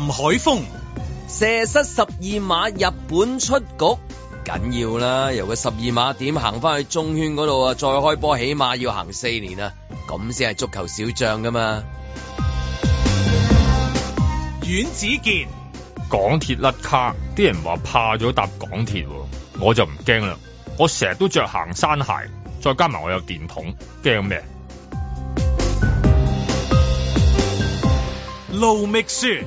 林海峰射失十二碼，日本出局緊要啦。由個十二碼點行翻去中圈嗰度啊，再開波起碼要行四年啊，咁先係足球小將噶嘛。阮子健港鐵甩卡，啲人話怕咗搭港鐵，我就唔驚啦。我成日都着行山鞋，再加埋我有電筒，驚咩？盧覓雪。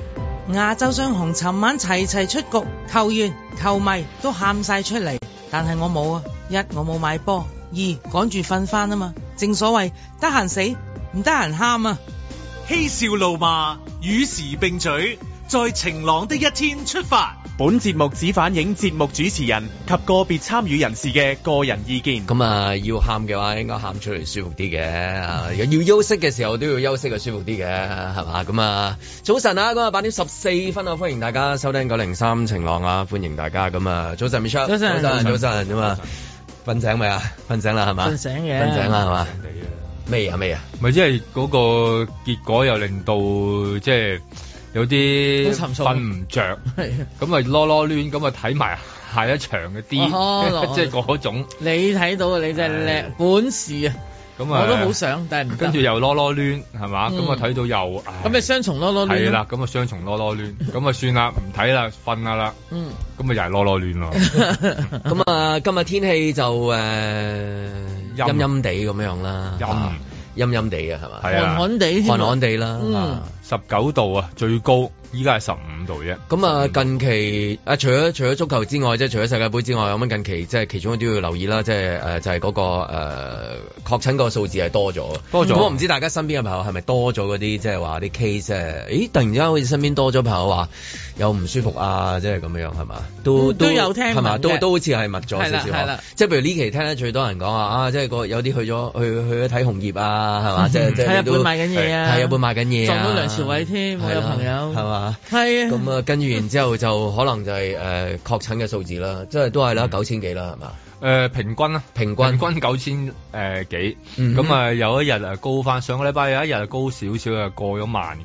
亞洲雙雄尋晚齊齊出局，球員球迷都喊晒出嚟，但係我冇啊！一我冇買波，二趕住瞓翻啊嘛！正所謂得閒死，唔得閒喊啊！嬉笑怒罵，與時並舉。在晴朗的一天出發。本節目只反映節目主持人及個別參與人士嘅個人意見。咁啊，要喊嘅話，應該喊出嚟舒服啲嘅。要休息嘅時候都要休息嘅舒服啲嘅，係嘛？咁啊，早晨啊，今日八點十四分啊，歡迎大家收聽九零三晴朗啊，歡迎大家。咁啊，早晨早晨，早晨，早晨啊 瞓醒未啊？瞓醒啦係嘛？瞓醒嘅，瞓醒啦係嘛？未啊，未啊。咪即係嗰個結果又令到即係。有啲瞓唔著，咁咪囉囉攣，咁啊睇埋下一場嘅啲，即係嗰種。你睇到啊，你真係叻本事啊！我都好想，但係唔得。跟住又囉囉攣，係咪？咁啊睇到又咁咪雙重囉囉攣，係啦，咁啊雙重囉囉攣，咁 啊算啦，唔睇啦，瞓下啦。咁啊又係囉囉攣喎。咁啊 今日天，天氣就誒、呃、陰陰地咁樣啦，啊、陰陰地嘅係咪？寒寒地，寒寒地啦。嗯啊十九度啊，最高依家係十五度啫。咁啊，近期啊，除咗除咗足球之外，即除咗世界杯之外，有冇近期即係其中都要留意啦？即係誒、呃，就係、是、嗰、那個誒，確診個數字係多咗，多咗。我唔知大家身邊嘅朋友係咪多咗嗰啲，即係話啲 case 誒？咦，突然之間好似身邊多咗朋友話有唔舒服啊，即係咁樣樣係嘛？都、嗯、都有聽係嘛？都都好似係密咗少少。即係譬如呢期聽得最多人講啊，啊，即係有啲去咗去去咗睇紅葉啊，係嘛、嗯？即係即係都買緊嘢啊，日本買緊嘢，職位添，我、啊、有朋友，係嘛，係啊。咁啊，嗯、跟住然之後就可能就係、是、誒、呃、確診嘅數字啦，即係都係啦，九千幾啦，係嘛？誒平均啊，平均平均九千誒幾，咁、嗯、啊有一日啊高翻，上個禮拜有一日高少少啊過咗萬嘅，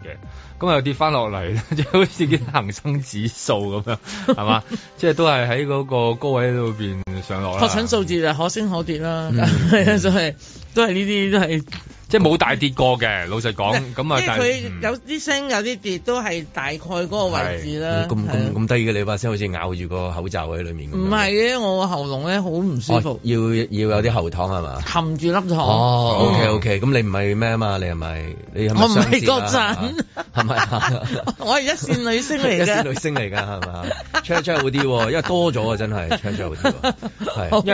咁又跌翻落嚟，即好似啲恒生指數咁樣，係、嗯、嘛？是 即係都係喺嗰個高位度邊上落。確診數字就可升可跌啦，係、嗯、啊，就 係都係呢啲都係。即係冇大跌過嘅，老實講。咁啊，佢有啲升有啲跌，都係大概嗰個位置啦。咁咁咁低嘅，你把聲好似咬住個口罩喺裏面咁。唔係嘅，我個喉嚨咧好唔舒服。哦、要要有啲喉糖係嘛？含住粒糖。哦、嗯、OK OK，咁你唔係咩啊嘛？你係咪你係咪、啊？我唔係嗰陣，係咪 我係一線女星嚟嘅。 一線女星嚟㗎係嘛？Check check 好啲、哦，因為多咗真係 check okay, check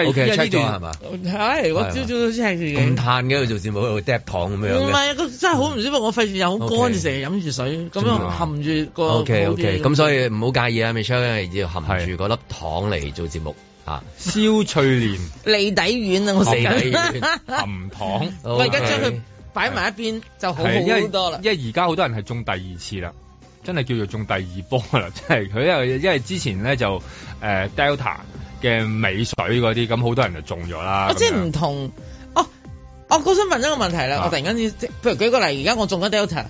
OK check 咗係嘛？咁嘆嘅做節目糖咁樣唔係個真係好唔舒服，嗯、我費事又好乾，就成日飲住水咁樣含住個,、okay, okay, 這個。O K O K，咁所以唔好介意啊，Michelle 要含住嗰粒糖嚟做節目、啊、燒消翠蓮，脷底丸啊，我成日、okay, 含糖。我而家將佢擺埋一邊就好好多啦。因為而家好多人係中第二次啦，真係叫做中第二波啦，即係佢因為因為之前咧就、呃、Delta 嘅尾水嗰啲，咁好多人就中咗啦。哦，即係唔同。哦、我好想問一個問題啦，我突然間，即譬如舉個例，而家我中咗 Delta，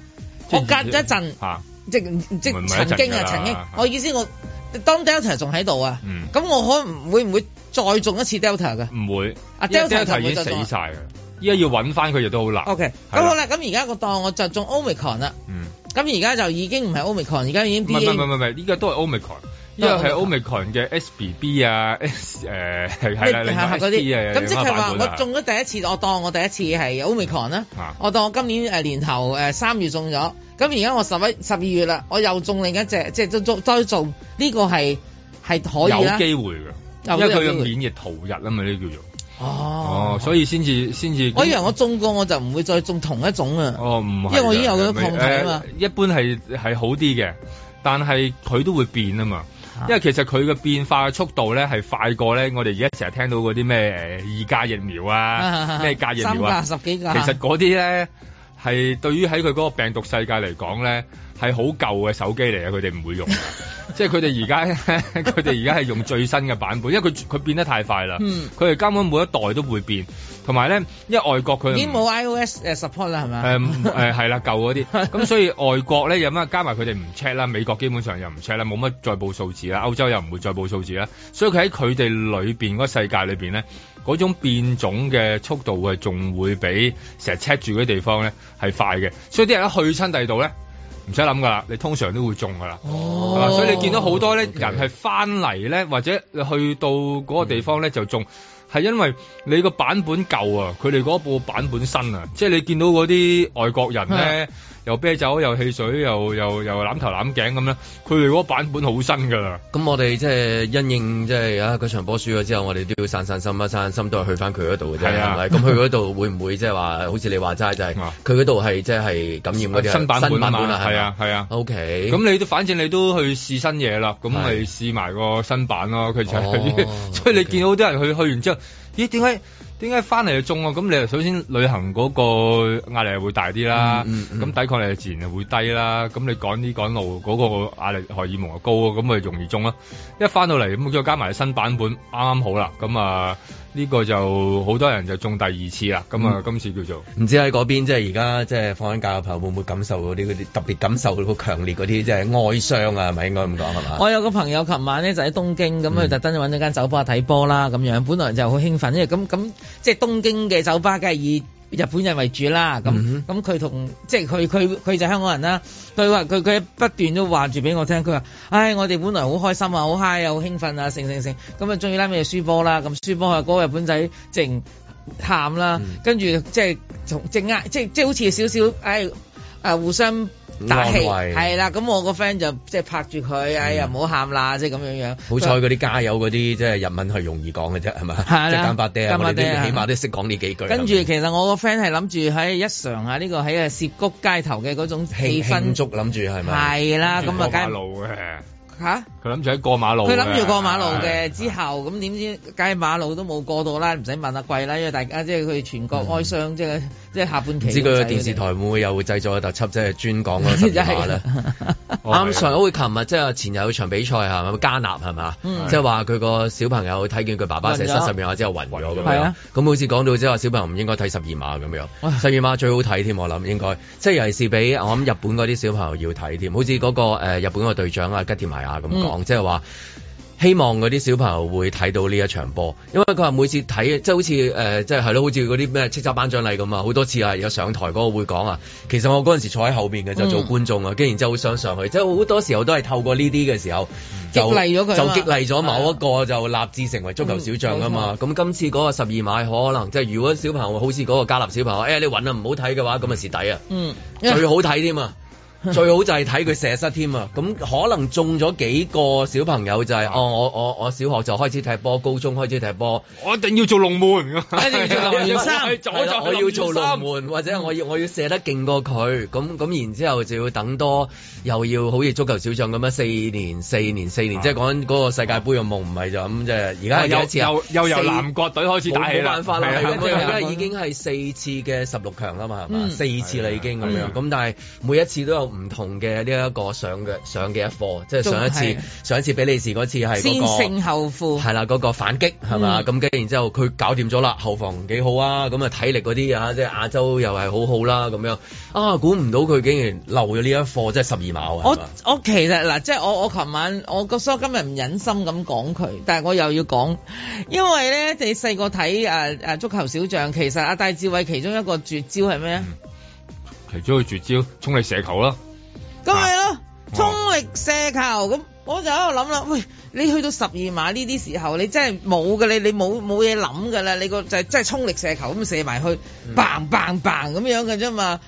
我隔咗一陣、啊，即即曾經啊，曾經，曾經我意思我當 Delta 仲喺度啊，咁、嗯、我可會唔會再中一次 Delta 嘅？唔會，啊 Delta, Delta 已經死晒啦，依家要搵翻佢亦都好難。OK，咁好啦，咁而家個當我就中 omicron 啦，咁而家就已經唔係 omicron，而家已經 B A，唔係唔係唔係，依家都係 omicron。因為係歐米康嘅 SBB 啊，S 誒係啦 SBB 啊，咁、呃就是、即係話我中咗第一次，我當我第一次係歐米康啦，我當我今年誒、呃、年頭誒、呃、三月中咗，咁而家我十一十二月啦，我又中另一隻，即係再再再中呢個係係可以有機會嘅，因為佢嘅免疫逃逸啊嘛，呢叫做哦，哦所以先至先至。我以為我中過我就唔會再中同一種啊，哦唔係，因為我已經有咗抗體啊嘛、呃。一般係係好啲嘅，但係佢都會變啊嘛。因為其實佢嘅變化嘅速度咧係快過咧，是我哋而家成日聽到嗰啲咩誒，二價疫苗啊，咩 價疫苗啊，三價十幾價，其實嗰啲咧係對於喺佢嗰個病毒世界嚟講咧。係好舊嘅手機嚟，佢哋唔會用， 即係佢哋而家佢哋而家係用最新嘅版本，因為佢佢變得太快啦。嗯，佢哋根本每一代都會變，同埋咧，因為外國佢已經冇 iOS support 啦，係咪？誒係啦，舊嗰啲咁，所以外國咧有乜加埋佢哋唔 check 啦，美國基本上又唔 check 啦，冇乜再報數字啦，歐洲又唔會再報數字啦，所以佢喺佢哋裏面嗰、那個、世界裏面咧，嗰種變種嘅速度啊，仲會比成日 check 住啲地方咧係快嘅，所以啲人一去親第度咧。唔使諗噶啦，你通常都會中噶啦，哦，所以你見到好多咧人係翻嚟咧，或者去到嗰個地方咧就中，係、嗯、因為你個版本舊啊，佢哋嗰部版本新啊，即係你見到嗰啲外國人咧。又啤酒，又汽水，又又又攬頭攬頸咁啦，佢哋嗰個版本好新噶啦。咁我哋即係因應，即係啊，嗰場波輸咗之後，我哋都要散散心啦，散散心都係去翻佢嗰度嘅啫，係啊，係咪？咁去嗰度會唔會即係話，好似你話齋，就係佢嗰度係即係感染嗰啲新，新版本啊？係啊，係啊。O K。咁你都，反正你都去試新嘢啦，咁咪試埋個新版咯。佢就，啊、 所以你見到啲人去去完之後，咦、哦？okay、欸、點解？點解翻嚟就中啊？咁你首先旅行嗰個壓力會大啲啦，咁、嗯嗯嗯、抵抗力自然就會低啦。咁你趕啲趕路嗰、嗰個壓力荷爾蒙又高，啊，咁咪容易中咯、啊。一翻到嚟，再加埋新版本，啱啱好啦。咁啊呢、呢個就好多人就中第二次啦。咁啊、嗯、今次叫做唔知喺嗰邊即係而家即係放緊假嘅朋友會唔會感受嗰啲嗰啲特別感受好強烈嗰啲即係哀傷啊？係咪應該咁講？我有個朋友琴晚咧就喺東京，咁佢特登搵咗間酒吧睇波啦，咁樣本來就好興奮，因為咁咁。即係東京嘅酒吧，梗係以日本人為主啦。咁咁佢同即係佢佢佢就香港人啦。佢話佢佢不斷都話住俾我聽，佢話，唉，我哋本來好開心啊，好嗨啊，好興奮啊，成成成，咁啊，終於拉尾又輸波啦。咁輸波嗰個日本仔靜喊啦，嗯、跟住、就是啊、即係從靜壓即係即係好似少少唉。互相打氣，係啦。咁我個 friend 就即係拍住佢，哎、嗯、呀，唔、就是、好喊啦，即係咁樣樣。好彩嗰啲加油嗰啲，即係日文係容易講嘅啫，係嘛？係啦，金巴，爹啊，我哋啲起碼都識講呢幾句。跟住其實我個 friend 係諗住喺一嘗下、這、呢個喺啊涉谷街頭嘅嗰種氣氛足，諗住係咪？係啦，咁啊，過馬路嘅佢諗住喺過馬路。佢諗住過馬路嘅之後，咁點知梗係馬路都冇過到啦，唔使問阿貴啦，因為大家即係佢全國哀傷即係。嗯即係下半期。唔知佢個電視台會唔會又會製作個特輯，即、就、係、是、專講嗰十二碼咧？啱 上， 我會琴日即係前日有場比賽係咪？加納係嘛？是嗯、即係話佢個小朋友睇見佢爸爸寫失十二碼之後暈咗咁樣。咁、啊、好似講到即係話小朋友唔應該睇十二碼咁樣，十二碼最好睇添，我諗應該。即係尤其是俾我諗日本嗰啲小朋友要睇添，好似嗰個、呃、日本嗰個隊長啊吉田麻也咁講，嗯、即係話。希望嗰啲小朋友會睇到呢一場波，因為佢話每次睇，即係好似誒、呃，即係係咯，好似嗰啲咩叱吒頒獎禮咁啊，好多次啊，有上台嗰個會講啊。其實我嗰陣時坐喺後邊嘅、嗯、就做觀眾啊，跟住然之後好想上去，即係好多時候都係透過呢啲嘅時候就激勵咗佢嘛，就激勵咗某一個就立志成為足球小將啊嘛。咁、嗯嗯、今次嗰個十二碼，可能即係如果小朋友好似嗰個加納小朋友，誒、哎、你揾啊唔好睇嘅話，咁啊蝕底啊、嗯嗯，最好睇添啊！ 最好就係睇佢射失添啊！咁可能中咗幾個小朋友就係、是、哦，我我我小學就開始踢波，高中開始踢波。我一定要做龍門，我要做龍門，嗯、或者我要我要射得勁過佢。咁咁然之後就要等多，又要好似足球小將咁樣四年、四年、四年，啊、即係講緊嗰個世界盃嘅夢唔係就咁即係而家係一次又、啊、又由南國隊開始打起，冇辦法啦。而家已經係四次嘅十六強啦嘛，係、嗯、嘛？四次啦已經咁咁、嗯嗯嗯、但係每一次都有。唔同嘅呢一個上嘅上嘅一課，即係上一次上一次比利時嗰次係、那個、先勝後負，係啦嗰個反擊係嘛？咁、嗯、跟然之後佢搞掂咗啦，後防幾好啊。咁啊體力嗰啲啊，即係亞洲又係好好啦咁樣啊，估唔、啊、到佢竟然漏咗呢一課，即係十二碼。我我其實嗱，即係我我琴晚我個今日唔忍心咁講佢，但係我又要講，因為咧你細個睇誒誒足球小將，其實阿、啊、戴志偉其中一個絕招係咩？嚟咗去絕招，衝力射球啦，咁係咯，衝力射球，咁、啊、我就喺度諗啦，喂，你去到十二碼呢啲時候，你真係冇噶，你你冇冇嘢諗噶啦，你個就係、是、真係衝力射球咁射埋去，棒棒棒咁樣噶啫嘛。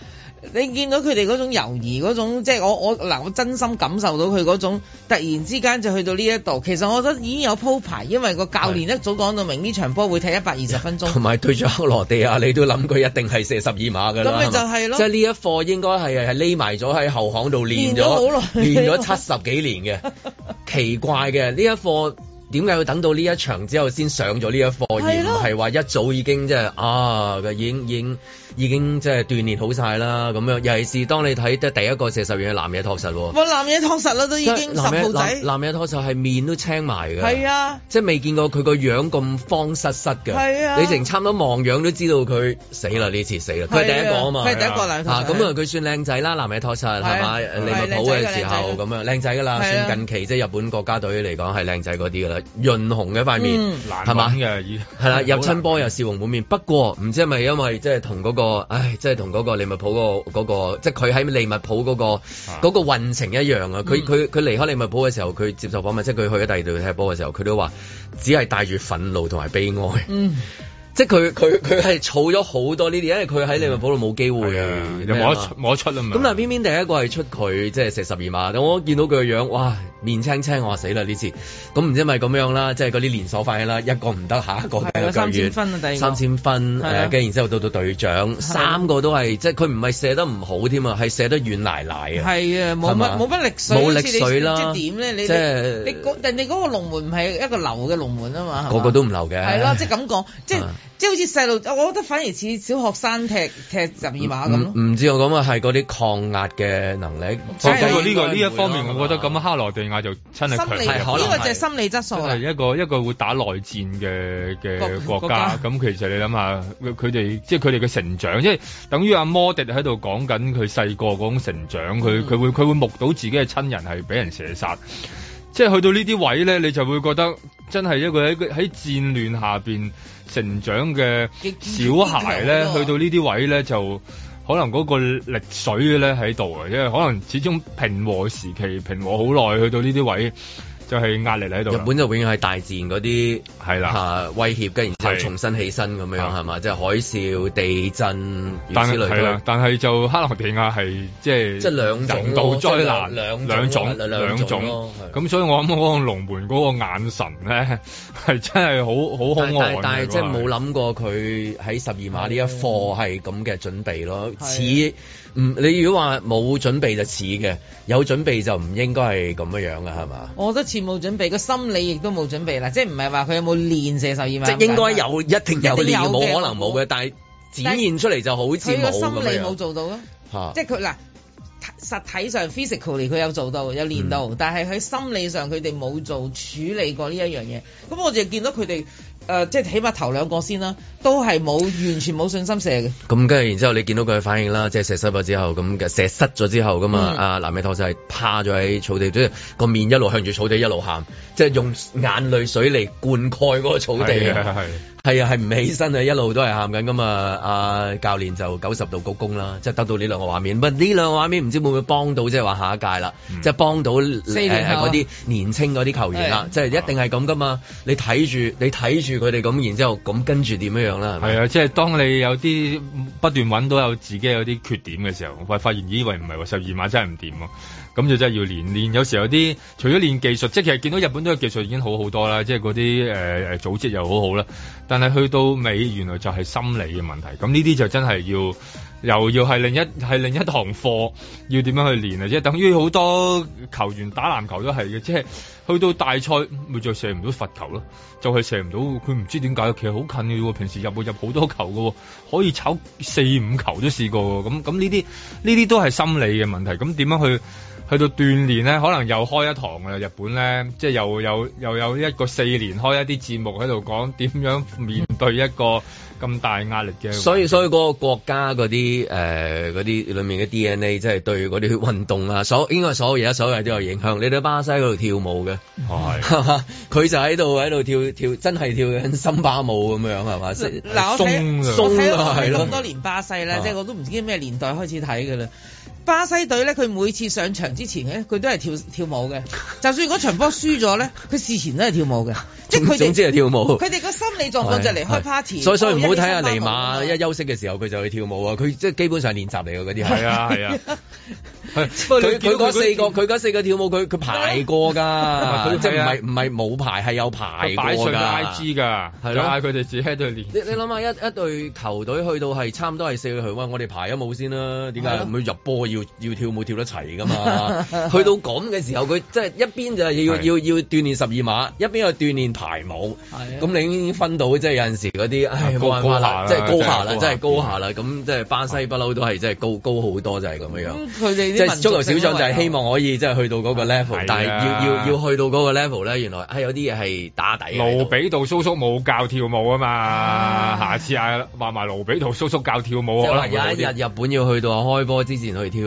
你見到佢哋嗰種猶豫嗰種，即係我我嗱，我真心感受到佢嗰種突然之間就去到呢一度。其實我覺得已經有鋪排，因為個教練一早講到明呢場波會踢一百二十分鐘。同埋對住克羅地亞，你都諗佢一定係射十二碼噶啦。咁咪就係咯，即係呢一課應該係係匿埋咗喺後巷度練咗，練咗七十幾年嘅 奇怪嘅呢一課，點解要等到呢一場之後先上咗呢一課，而唔係話一早已經即係啊已，已經已經。已經即係鍛鍊好晒啦，咁樣尤其是當你睇得第一個射十二嘅南野拓實喎。哇，南野拓實啦，都已經十號仔。南野拓實係面都青埋㗎。係啊，即係未見過佢個樣咁慌失失㗎。係啊，你成差唔多望樣都知道佢死啦，呢次死啦。佢、啊、第一個啊嘛。佢第一個嚟咁啊佢、啊啊啊啊啊啊啊、算靚仔啦，南野拓實係嘛、啊啊啊啊？利物浦嘅時候咁樣靚仔㗎啦，算近期即係日本國家隊嚟講係靚仔嗰啲㗎啦。潤紅嘅塊面係嘛？係啦，入親波又笑容滿面。不過唔知係咪因為即係同嗰個。嗯唉，即係同嗰個利物浦、嗰個、嗰個，即係佢喺利物浦嗰、嗰個、啊嗰個運程一樣啊！佢佢佢離開利物浦嘅時候，佢接受訪問，即係佢去咗第二度踢波嘅時候，佢都話只係帶住憤怒同埋悲哀。嗯。即係佢佢佢係儲咗好多呢啲，因為佢喺利物浦度冇機會嘅、嗯啊啊，又冇得出啊得出嘛。咁但係偏偏第一個係出佢，即係射十二碼。我見到佢個樣，哇，面青青，我話死啦呢次。咁唔知係咪咁樣啦？即係嗰啲連鎖反應啦，一個唔得下一個嘅三千分三、啊、千分跟住、啊、然之後到到隊長、啊，三個都係即係佢唔係射得唔好添啊，係射得軟奶奶啊。係啊，冇乜冇乜力水，冇力水啦。即點咧？你即係、啊、你嗰人哋嗰個龍門唔係一個流嘅龍門啊嘛。個個都唔流嘅。係咯、啊，即係咁講，即係。即係好似細路，我覺得反而似小學生踢踢十二碼咁咯。唔、嗯嗯、知我講嘅係嗰啲抗壓嘅能力。真係呢個呢一方面，我覺得咁、啊、克羅地亞就真係強。呢、呢個就係心理質素啊！係一個一個會打內戰嘅嘅國家。咁其實你諗下，佢哋即係佢哋嘅成長，即係等於阿摩迪喺度講緊佢細個嗰種成長。佢佢會佢會目睹自己嘅親人係俾人射殺。即係去到呢啲位咧，你就會覺得。真係一個喺喺戰亂下邊成長嘅小孩咧，去到呢啲位咧，就可能嗰個力水咧喺度啊，因為可能始終平和時期平和好耐，去到呢啲位。就係、是、壓力喺度，日本就永遠係大自然嗰啲、啊、威脅，跟住又重新起身咁樣係咪？即係、啊就是、海嘯、地震，但係係啦，但係就克羅地亞係係即係兩度、啊、災難兩,兩種、啊、兩種咁、啊啊啊、所以我諗嗰個龍門嗰個眼神呢，係 真係好好可愛。但係即係冇諗過佢喺十二碼呢一課係咁嘅準備囉。似。唔，你如果話冇準備就似嘅，有準備就唔應該係咁樣樣嘅，係嘛？我覺得似冇準備，個心理亦都冇準備啦，即係唔係話佢有冇練射手，意即係應該有一定有練，冇可能冇嘅？但係展現出嚟就好似冇咁心理冇做到咯，啊、即係佢嗱，實體上 physically 佢有做到，有練到，嗯、但係喺心理上佢哋冇做處理過呢一樣嘢，咁我就見到佢哋。誒、呃，即係起碼頭兩個先啦，都係冇完全冇信心射嘅。咁跟住，然之後你見到佢嘅反應啦，即係射失咗之後，咁嘅射失咗之後，咁啊阿南野拓實就係趴咗喺草地，即係個面一路向住草地一路喊。即係用眼淚水嚟灌溉嗰個草地係係係係啊！係啊係唔起身啊！一路都係喊緊㗎嘛！阿教練就九十度鞠躬啦！即係得到呢兩個畫面，不呢兩個畫面唔知會唔會幫到即係話下一屆啦、嗯！即係幫到誒嗰啲年青嗰啲球員啦！即係一定係咁㗎嘛！你睇住你睇住佢哋咁，然之後咁跟住點樣樣啦？係啊！即係當你有啲不斷揾到有自己有啲缺點嘅時候，發發現以為唔係喎，十二碼真係唔掂喎。咁就真係要練練，有時候有啲除咗練技術，即係其實見到日本都嘅技術已經好好多啦，即係嗰啲誒誒組織又好好啦。但係去到尾，原來就係心理嘅問題。咁呢啲就真係要，又要係另一係另一堂課，要點樣去練啊？即係等於好多球員打籃球都係嘅，即係去到大賽咪就射唔到罰球咯，就係射唔到。佢唔知點解，其實好近嘅，平時入會入好多球嘅，可以炒四五球都試過。咁咁呢啲呢啲都係心理嘅問題。咁點樣去？去到鍛鍊咧，可能又開一堂啦。日本咧，即係又有又，又有一個四年開一啲節目喺度講點樣面對一個咁大壓力嘅。所以所以嗰個國家嗰啲誒嗰啲裏面嘅 DNA，即係對嗰啲運動啦，所應該所有嘢所有嘢都有影響。你對巴西嗰度跳舞嘅，係，佢就喺度喺度跳跳，真係跳緊森巴舞咁樣係嘛？嗱，我睇我睇咗佢咁多年巴西咧，即係、就是、我都唔知咩年代開始睇嘅啦。巴西隊咧，佢每次上場之前咧，佢都係跳跳舞嘅。就算嗰場波輸咗咧，佢事前都係跳舞嘅。即係佢哋總之係跳舞。佢哋個心理狀況就離開 party、啊啊。所以、哦、所以唔好睇阿尼馬一休息嘅時候佢就去跳舞啊！佢即係基本上練習嚟嘅嗰啲係啊係啊。佢嗰、啊、 四個佢四個跳舞佢佢排過㗎。佢即唔係唔係冇排係有排過㗎。的 IG 㗎。係咯、啊，係佢哋自己對練。你你諗下一一隊球隊去到係差唔多係四個去我們排先了是、啊、球，喂，我哋排咗舞先啦。點解唔去入波要要跳舞跳得齊噶嘛？ 去到咁嘅時候，佢即係一邊就係要要要鍛煉十二碼，一邊又鍛煉排舞。係咁、啊，你已經分到即係、就是、有陣時嗰啲唉，即係高下啦，即係高下啦。咁即係巴西不嬲都係即係高、啊、高好多，就係咁樣樣。即係 足球小將就係希望可以即係去到嗰個 level、啊、但係要要要去到嗰個 level 咧，原來係有啲嘢係打底。盧比杜叔叔冇教跳舞嘛啊嘛，下次啊話埋盧比杜叔叔教跳舞。有一日日本要去到開波之前去跳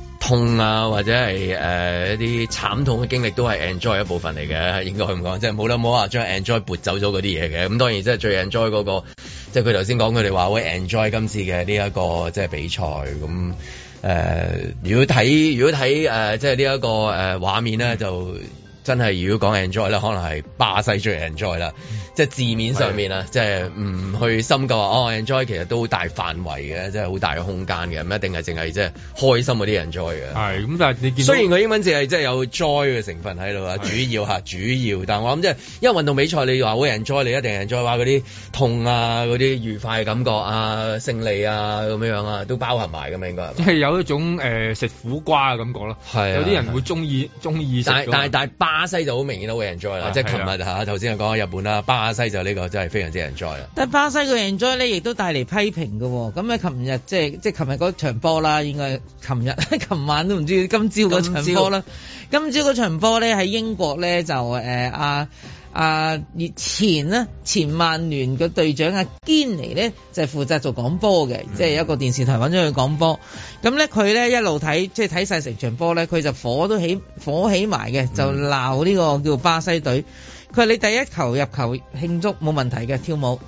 痛啊，或者係誒、呃、一啲慘痛嘅經歷，都係 enjoy 一部分嚟嘅，應該咁講，即係冇諗冇話將 enjoy 撥走咗嗰啲嘢嘅。咁當然即係最 enjoy 嗰、那個，即係佢頭先講佢哋話會 enjoy 今次嘅呢一個即係比賽。咁誒、呃，如果睇如果睇誒、呃、即係呢一個誒、呃、畫面咧，就真係如果講 enjoy 咧，可能係巴西最 enjoy 啦。即係字面上面啊，嗯，即係唔去深究話，嗯、哦，enjoy 其實都好大範圍嘅，即係好大嘅空間嘅，唔一定係淨係即係開心嗰啲 enjoy 嘅。係、嗯，咁但係你見，雖然佢英文字係即係有 joy 嘅成分喺度啊，主要吓主，主要，但係我諗即係因為運動比賽，你話會 enjoy 你一定 enjoy，話嗰啲痛啊、嗰啲愉快嘅感覺啊、勝利啊咁樣樣啊，都包含埋咁樣應該。即、就、係、是、有一種誒食、呃、苦瓜嘅感覺咯。係有啲人會中意中意食。但係但係巴西就好明顯都會 enjoy 啦，即係琴日嚇頭先講緊日本啦巴西就呢、呢個真係非常之 enjoy 啊！但巴西個 enjoy 咧，亦都帶嚟批評嘅喎、哦。咁咧，琴日即係即係琴日嗰場波啦，應該琴日琴晚都唔知今朝嗰場波啦。今朝嗰場波咧喺英國咧就誒阿阿前咧前曼聯嘅隊長阿堅尼咧就是、負責做講波嘅、嗯，即係一個電視台揾咗佢講波。咁咧佢咧一路睇即係睇晒成場波咧，佢就火都起火起埋嘅，就鬧呢個叫巴西隊。嗯。佢話你第一球入球慶祝冇問題嘅跳舞。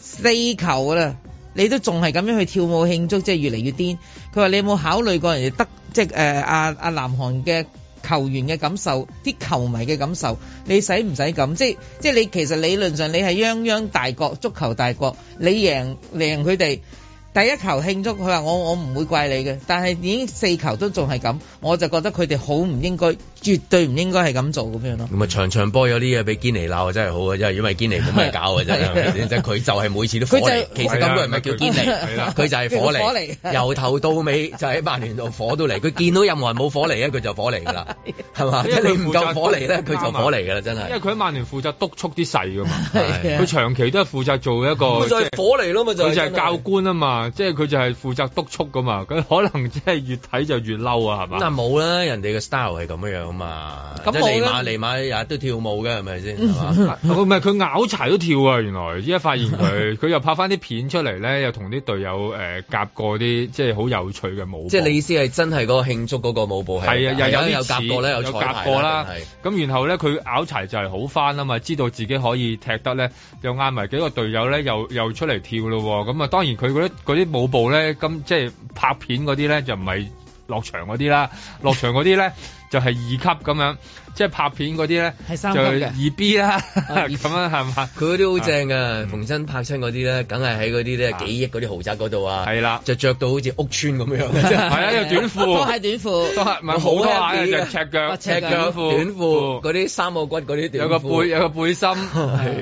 四球啦，你都仲係咁樣去跳舞慶祝，即係越嚟越癲。佢話你有冇考慮過人哋得即係誒阿阿南韓嘅球員嘅感受，啲球迷嘅感受，你使唔使咁？即係即係你其實理論上你係泱泱大國足球大國，你贏贏佢哋第一球慶祝，佢話我我唔會怪你嘅，但係已經四球都仲係咁，我就覺得佢哋好唔應該。絕對唔應該係咁做咁樣咯。咁啊，場場波有啲嘢俾堅尼鬧真係好啊，因為因為堅尼咁嚟搞嘅真係，佢 就係每次都火嚟、 就是。其實根本唔係叫堅尼，佢 就係火嚟。由 頭到尾就喺曼聯度火到嚟。佢 見到任何人冇火嚟咧，佢就火嚟噶啦，係嘛？你唔夠火嚟咧，佢就火嚟噶啦，真係。因為佢喺曼聯負責督，督促啲細噶嘛，佢、 啊、長期都係負責做一個。咁所以火嚟咯嘛，就係、是、教官啊嘛，即係佢就係負責督促噶嘛。佢 可能即係越睇就越嬲啊，係嘛？但冇啦，人哋嘅 style 係咁樣樣。嘛、啊，咁尼馬尼馬日日都跳舞嘅，係咪先？唔係佢咬柴都跳啊！原來一發現佢，佢 又拍翻啲片出嚟咧，又同啲隊友誒夾、呃、過啲即係好有趣嘅舞。即係你意思係真係嗰個慶祝嗰個舞步係啊，又有夾過咧，有夾過啦。咁然後咧，佢咬柴就係好翻啦嘛，知道自己可以踢得咧，又嗌埋幾個隊友咧，又又出嚟跳咯。咁啊，當然佢嗰啲嗰啲舞步咧，咁即係拍片嗰啲咧，就唔係落場嗰啲啦，落場嗰啲咧。 就係二級咁樣。即係拍片嗰啲咧，就二、是、B 啦咁、啊、 樣係嘛？佢嗰啲好正㗎、啊嗯，逢親拍親嗰啲咧，梗係喺嗰啲幾幾億嗰啲豪宅嗰度啊！係啦，就着到好似屋村咁樣，係 啊，有短褲都係短褲，都係咪好多啊？著赤、哦啊啊就是、腳、赤、呃、褲、短褲嗰啲三個骨嗰啲短褲，有個背有個背心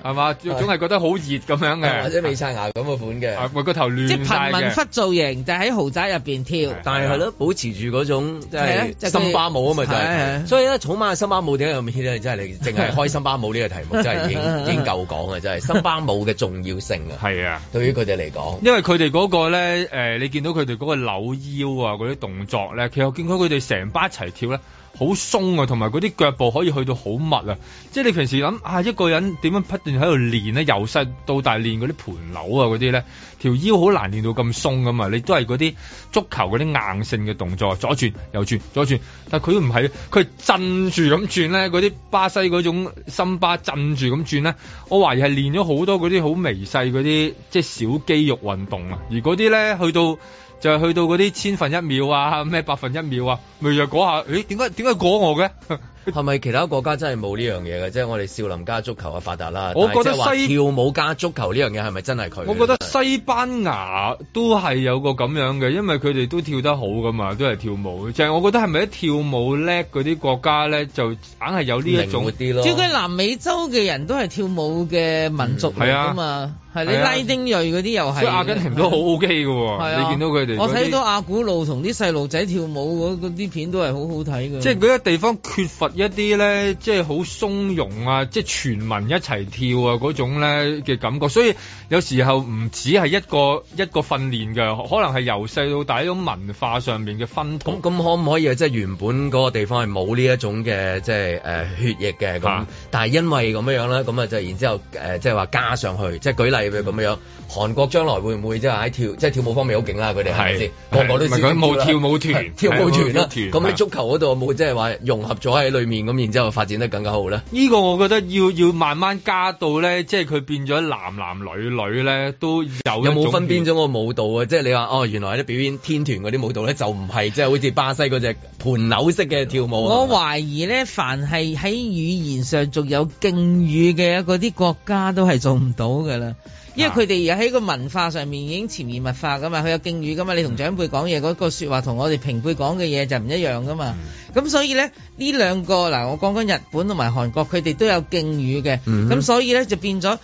係嘛？ 總係覺得好熱咁樣嘅，或者未刷牙咁嘅款嘅，個、啊、頭即係貧民窟造型，就喺、是、豪宅入面跳。但係係咯，保持住嗰種即係森巴舞啊嘛，就係。所以咧，草蜢嘅森巴。冇點解咁 hit 咧？真係你淨係開森巴舞呢個題目， 真係已經已經夠講嘅。真係森巴舞嘅重要性啊！係啊，對於佢哋嚟講，因為佢哋嗰個咧，誒、呃，你見到佢哋嗰個扭腰啊，嗰啲動作咧，其實我見到佢哋成班一齊跳咧。好鬆啊，同埋嗰啲腳步可以去到好密啊，即係你平時諗啊一個人點樣不斷喺度練咧，由細到大練嗰啲盤扭啊嗰啲咧，條腰好難練到咁鬆㗎嘛。你都係嗰啲足球嗰啲硬性嘅動作，左轉右轉左轉，但係佢唔係，佢震住咁轉咧，嗰啲巴西嗰種森巴震住咁轉咧，我懷疑係練咗好多嗰啲好微細嗰啲即係小肌肉運動啊，而嗰啲咧去到。就係去到嗰啲千分一秒啊，咩百分一秒啊，咪就係嗰下，誒，點解點解講我嘅？ 係 咪其他國家真係冇呢樣嘢嘅？即係我哋少林加足球嘅發達啦！我覺得話跳舞加足球呢樣嘢係咪真係佢？我覺得西班牙都係有個咁樣嘅，因為佢哋都跳得好噶嘛，都係跳舞。就係我覺得係咪啲跳舞叻嗰啲國家咧，就硬係有呢一種啲咯。照計南美洲嘅人都係跳舞嘅民族嚟㗎嘛，係你、啊啊、拉丁裔嗰啲又係。阿根廷都好 O K 㗎喎，你見到佢哋。我睇到阿古路同啲細路仔跳舞嗰啲片都係好好睇㗎。即係佢啲地方缺乏。一啲咧，即係好鬆容啊，即係全民一齊跳啊嗰種咧嘅感覺。所以有時候唔止係一個一個訓練嘅，可能係由細到大一種文化上面嘅分。咁咁可唔可以啊？即係原本嗰個地方係冇呢一種嘅，即係誒血液嘅咁、啊，但係因為咁樣樣啦，咁啊就然之後誒即係話加上去，即係舉例譬如咁樣。韓國將來會唔會即係喺跳即係跳舞方面好勁啦，佢哋係咪先？係，個個都知唔舞跳舞團跳舞團啦、啊。咁喺足球嗰度冇即係話融合咗喺面咁，然之後發展得更加好咧。呢個我覺得要要慢慢加到咧，即係佢變咗男男女女咧都有。有冇分邊咗個舞蹈啊？即係你話哦，原來啲表演天團嗰啲舞蹈咧就唔係，即係好似巴西嗰隻盤扭式嘅跳舞。 我懷疑咧，凡係喺語言上仲有敬語嘅一個啲國家，都係做唔到㗎啦。因為佢哋而家喺個文化上面已經潛移默化噶嘛，佢有敬語噶嘛，你同長輩講嘢嗰個說話，同我哋平輩講嘅嘢就唔一樣噶嘛。咁、mm -hmm. 所以咧，呢兩個嗱，我講緊日本同埋韓國，佢哋都有敬語嘅。咁、mm -hmm. 所以咧就變咗。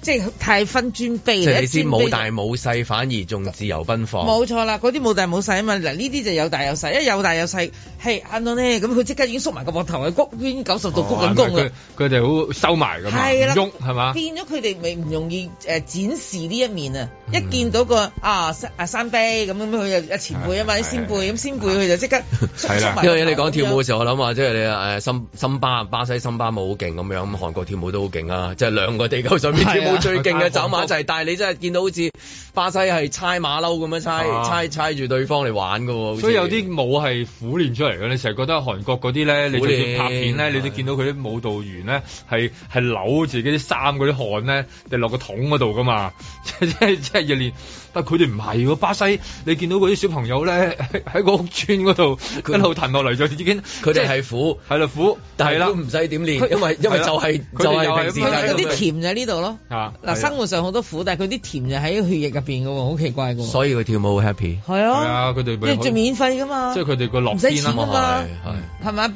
即係太分尊卑，即係你先冇大冇細，反而仲自由奔放。冇錯啦，嗰啲冇大冇細啊嘛。嗱呢啲就有大有細，一有大有細係阿 d o 咁，佢、hey, 即刻已經縮埋個膊頭，佢鞠完九十度谷，緊躬佢哋好收埋咁，係啦，喐係嘛？變咗佢哋咪唔容易誒展示呢一面啊、嗯！一見到一個啊啊山飛咁樣，佢又阿前輩啊嘛，啲先輩咁先輩，佢就即刻收埋。呢為嘢你講跳舞嘅時候，我諗話即係你誒森森巴、巴西森巴舞好勁咁樣，咁韓國跳舞都好勁啊！即、就、係、是、兩個地球上面。最勁嘅走馬就係，但係你真係見到好似巴西係猜馬騮咁樣猜、啊、猜猜住對方嚟玩嘅喎，所以有啲舞係苦練出嚟嘅。你成日覺得韓國嗰啲咧，你就拍片咧，你都見到佢啲舞蹈員咧係係扭自己啲衫嗰啲汗咧，掉落個桶嗰度噶嘛，即係即係要練。 但佢哋唔係喎，巴西你見到嗰啲小朋友咧，喺個屋村嗰度一路騰落嚟就已經，佢哋係苦係啦苦，但係都唔使點練，因為因為就係就係平時佢哋啲甜就喺呢度咯。嗱生活上好多苦，但係佢啲甜就喺血液入邊嘅喎，好奇怪嘅。所以佢跳舞好 happy，係啊，佢哋咪最免費嘅嘛，即係佢哋個樂天咁啊，係係咪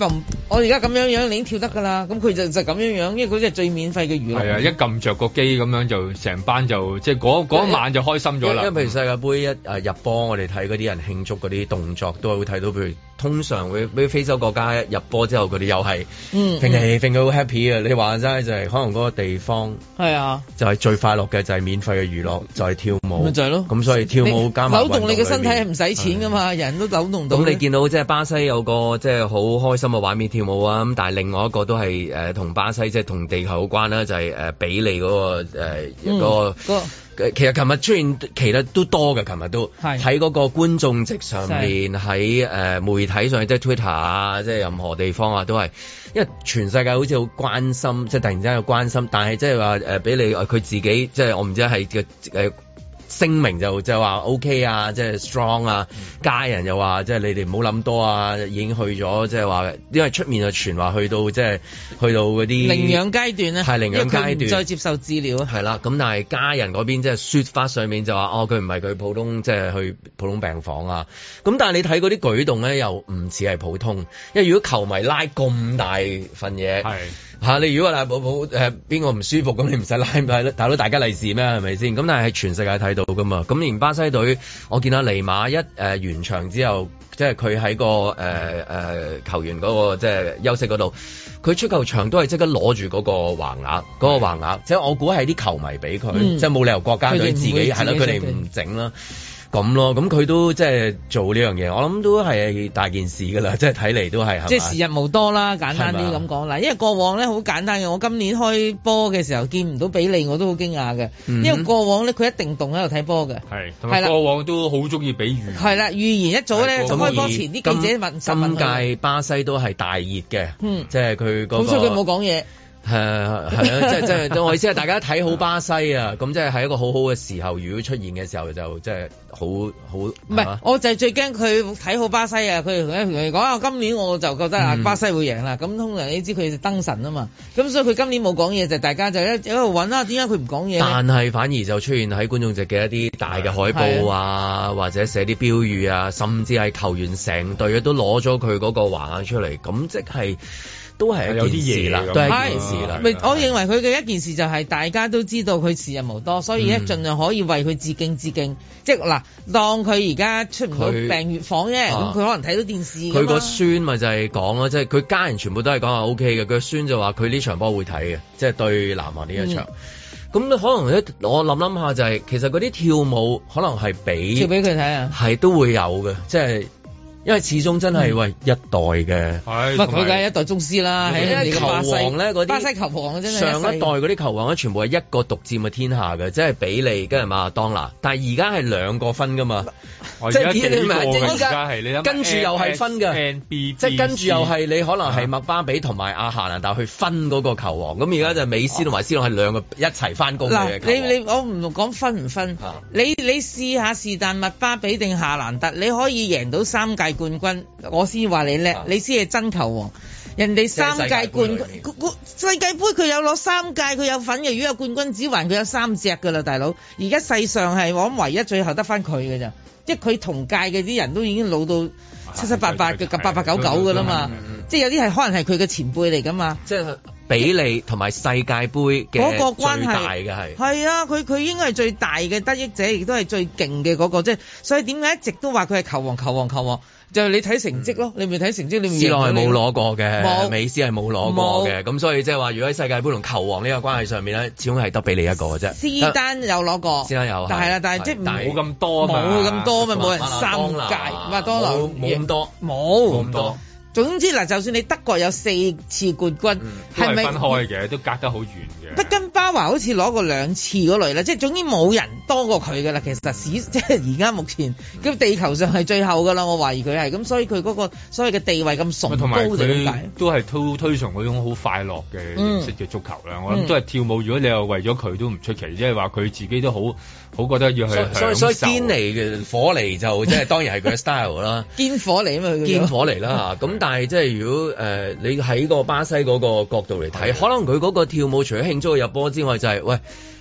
我而家咁樣樣你已經跳得㗎啦，咁佢就就咁樣樣，因為佢哋最免費嘅娛樂係啊，一撳着個機咁樣就成班就即係嗰晚就開心咗啦。因為譬如世界盃一誒入波，我哋睇嗰啲人慶祝嗰啲動作，都會看睇到譬如。通常會非洲國家入波之後，佢哋又係平平平佢好 happy 啊、嗯嗯，你話齋就係、是、可能個地方係、就是就是、啊，就係最快樂嘅就係免費嘅娛樂就係跳舞就係咯。咁所以跳舞加扭動你嘅身體係唔使錢噶嘛，人都扭動到。咁、嗯、你見到即係、就是、巴西有個即係好開心嘅畫面跳舞啊，咁但係另外一個都係誒同巴西即係同地球有關啦，就係、是、誒、呃、比利個誒誒嗰個。呃嗯呃嗰個其實琴日出現其實都多嘅，琴日都喺嗰個觀眾席上面，喺誒、呃。媒睇上去即係 Twitter 啊，即係任何地方啊，都係，因為全世界好似好關心，即係突然之間又關心，但係即係話誒俾你佢自己，即係我唔知係。嘅、呃、誒。聲明就話 O.K. 啊，即、就、係、是、strong 啊，家人又話即係你哋唔好諗多啊，已經去咗，即係話因為出面就傳話去到即係、就是、去到嗰啲寧養階段咧、啊，係寧養階段，再接受治療，啊，係啦，咁但係家人嗰邊即係説法上面就話哦，佢唔係佢普通即係、就是、去普通病房啊，咁但係你睇嗰啲舉動咧又唔似係普通，因為如果球迷拉咁大份嘢，嚇、啊！你如果話啦，寶寶誒邊個唔舒服咁，那你唔使拉咪大佬大家利是咩？係咪先？咁但係全世界睇到噶嘛？咁連巴西隊，我見到尼馬一誒、呃、完場之後，即係佢喺個誒誒、呃呃、球員嗰、嗰個即係休息嗰度，佢出球場都係即刻攞住嗰個橫額，嗰、嗰個橫額，即係我估係啲球迷俾佢、嗯，即係冇理由國家隊佢哋自己係咯，佢哋唔整啦。咁咯，咁佢都即係做呢樣嘢，我諗都係大件事噶啦，即係睇嚟都係，即係時日無多啦，簡單啲咁講啦，因為過往咧好簡單嘅，我今年開波嘅時候見唔到比利，我都好驚訝嘅、嗯，因為過往咧佢一定動喺度睇波嘅，係，係啦，過往都好中意比喻，係啦，啦，預言一早咧開波前啲記者問新問，今，今屆巴西都係大熱嘅、嗯，即係佢嗰個，好彩佢冇講嘢。係 係、uh, 啊，啊！即係即係，我意思係大家睇好巴西啊！咁 即係係一個好好嘅時候。如果出現嘅時候，就即係好好。唔係，我就最驚佢睇好巴西啊！佢同講啊，今年我就覺得啊，巴西會贏啦。咁、嗯、通常你知佢燈神啊嘛。咁所以佢今年冇講嘢，就是、大家就一一路揾啦。點解佢唔講嘢？但係反而就出現喺觀眾席嘅一啲大嘅海報啊， 啊，或者寫啲標語啊，甚至係球員成隊都攞咗佢嗰個畫出嚟。咁即係。都係有啲嘢啦，都係啦。我認為佢嘅一件事就係大家都知道佢時日無多，所以咧，盡量可以為佢致敬致敬。嗯、即係嗱，當佢而家出唔到病院房啫，咁佢、啊、可能睇到電視。佢個孫咪就係講咯，即係佢家人全部都係講話 O K 嘅，佢個孫就話佢呢場波會睇嘅，即、就、係、是、對南韓呢一場。咁、嗯、可能咧、就是，我諗諗下就係其實嗰啲跳舞可能係俾跳俾佢睇啊，係都會有嘅，即係。因為始終真係喂一代嘅，唔係佢梗係一代宗師啦。係啊，球王咧嗰啲，巴西球王真係上一代啲球王咧，全部係一個獨佔嘅天下嘅，即係比利跟住馬勒當拿。但係而家係兩個分噶嘛，即係唔係？而家係你跟住又係分嘅，即係跟住又係你可能係麥巴比同埋阿夏蘭達去分嗰個球王。咁而家就是美斯同埋斯朗係兩個一齊翻工。你你我唔講分唔分，啊，你你試下是但麥巴比定夏蘭達，你可以贏到三屆。冠軍，我先話你叻，你先係真球王。人哋三屆冠世界盃，世界杯佢有攞三屆，佢有份嘅。如果有冠軍指環佢有三隻噶啦，大佬。而家世上係我諗唯一最後得返佢嘅咋，即係佢同屆嘅啲人都已經老到七七八八嘅、啊、八八九九噶啦嘛，嘛。即係有啲係可能係佢嘅前輩嚟噶嘛。即係比利同埋世界杯嗰、那個關係大嘅係係啊，佢佢應該係最大嘅得益者，亦都係最勁嘅嗰個。即係所以點解一直都話佢係球王球王球王？球王球王就係你睇成績咯，你咪睇成績。你 C 朗係冇攞過嘅，美斯係冇攞過嘅，咁所以即係話，如果喺世界杯同球王呢個關係上面咧，始終係得俾你一個嘅啫。斯丹有攞過，斯丹有，但係、啊、啦，但係即係冇咁多，冇咁多咪冇人三屆，麥冇咁多，冇咁多，多。總之嗱，就算你德國有四次冠軍，係、嗯、咪分開嘅，都隔得好遠嘅。巴華好似攞過兩次嗰類啦，即係總之冇人多過佢噶啦。其實即係而家目前咁地球上係最後噶啦。我懷疑佢係咁，所以佢嗰個所謂嘅地位咁崇高同埋、嗯嗯？都係推推崇嗰種好快樂嘅形式嘅足球啦。我諗都係跳舞。如果你又為咗佢都唔出奇，即係話佢自己都好好覺得要去享受。所以所以堅尼嘅火嚟，就即係當然係佢 style 啦。堅火嚟啊嘛，堅火嚟啦。咁 但係即係如果誒、呃、你喺個巴西嗰個角度嚟睇，可能佢嗰個跳舞除咗慶祝入之外就係、是、喂，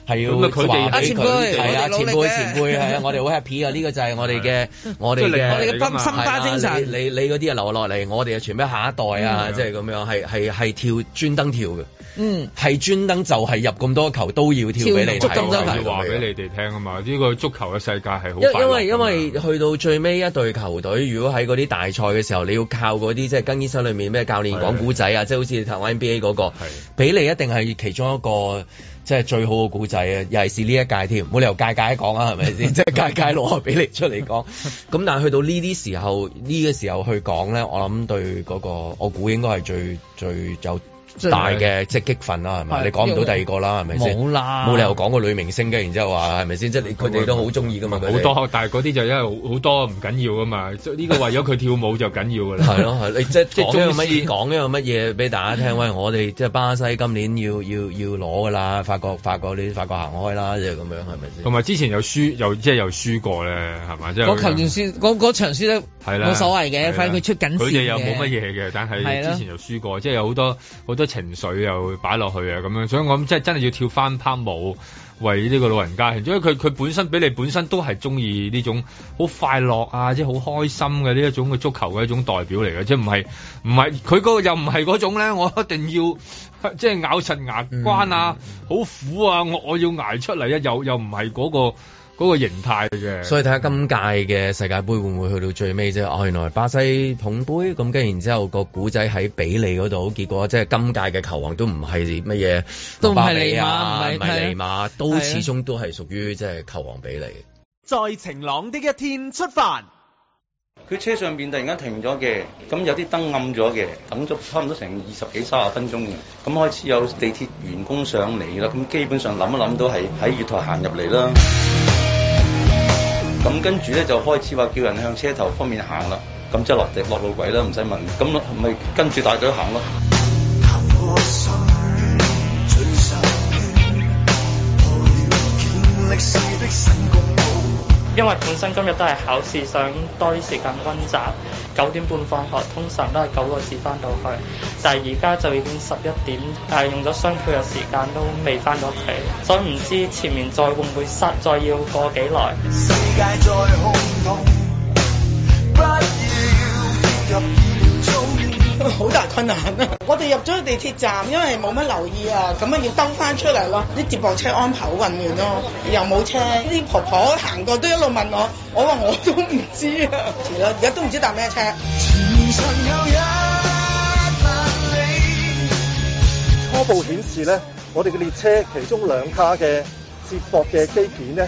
係要傳俾佢，係啊，前輩前輩，係啊，我哋好、 啊、happy 啊！呢、這個就係我哋嘅，我哋嘅、就是啊啊，我哋嘅薪薪火精神，你你你嗰啲啊留落嚟，我哋啊傳俾下一代啊，即係咁樣，係係係跳專登跳嘅。嗯，係專登就係入咁多球都要跳俾你睇，多球要話俾你哋聽啊嘛！呢、這個足球嘅世界係好快，因為因為去到最尾一隊球隊，如果喺嗰啲大賽嘅時候，你要靠嗰啲即係更衣室裏面咩教練講古仔啊，即係好似台灣 NBA 嗰、那個，係俾你一定係其中一個即係最好嘅古仔啊！尤其是呢一屆添，冇理由屆屆講啊，係咪先？ 即係屆屆攞嚟俾你出嚟講。咁 但係去到呢啲時候，呢個時候去講咧，我諗對嗰、那個，我估應該係最最有。就係、大嘅即激憤啦，係咪？你講唔到第二個啦，係咪冇啦，冇理由講個女明星嘅，然之後話係咪先？即係佢哋都好中意噶嘛？好多，但係嗰啲就因為好多唔緊要噶嘛。呢、呢個為咗佢跳舞就緊要㗎啦。係 咯、啊，你即即講呢個乜嘢？講呢個乜嘢俾大家聽？ 嗯、喂，我哋即巴西今年要要要攞㗎啦！法國，法國，你法國行開啦！就咁、係、樣係咪先？同埋之前又輸，又即又輸過咧，係咪、嗰個就係嗰個嗰個？即嗰球完輸，嗰嗰場輸得係啦，冇所謂嘅，反正佢出緊佢哋又冇乜嘢嘅，但係之前又輸過，即有好多好多。啲情緒又擺落去啊咁樣，所以我諗即係真係要跳翻 part 舞為呢個老人家，因為佢佢本身比你本身都係中意呢種好快樂啊，即係好開心嘅呢一種嘅足球嘅一種代表嚟嘅，即係唔係唔係佢嗰個又唔係嗰種咧，我一定要即係咬實牙關啊，好苦啊，我我要捱出嚟啊，又又唔係嗰個。嗰、那個形態嘅，所以睇下今屆嘅世界盃會唔會去到最尾啫。哦，原來巴西捧杯咁，跟然之後個古仔喺比利嗰度，結果即係今屆嘅球王都唔係乜嘢，都唔係尼馬，唔係尼馬，都始終都係屬於即係、就是、球王比利。在晴朗的一天出發，佢車上面突然間停咗嘅，咁有啲燈暗咗嘅，等咗差唔多成二十幾三十分鐘嘅，咁開始有地鐵員工上嚟啦，咁基本上諗一諗都係喺月台行入嚟啦。咁跟住咧就開始話叫人向車頭方面行啦，咁即係落地落路軌啦，唔使問，咁咪跟住大隊行咯。因為本身今日都係考試，想多啲時間温習。九點半放學，通常都係九個字翻到去，但係而家就已經十一點，但係用咗雙倍嘅時間都未翻到屋企，所以唔知前面再會唔會塞，實在要過幾耐。 好大困難啊！ 我哋入咗去地鐵站，因為冇乜留意啊，咁啊要兜翻出嚟咯。啲接駁車安排好混亂咯，啊，又冇車。啲婆婆行過都一路問我，我話我都唔知啊。而家而家都唔知搭咩車前身有一、嗯。初步顯示咧，我哋嘅列車其中兩卡嘅接駁嘅機件咧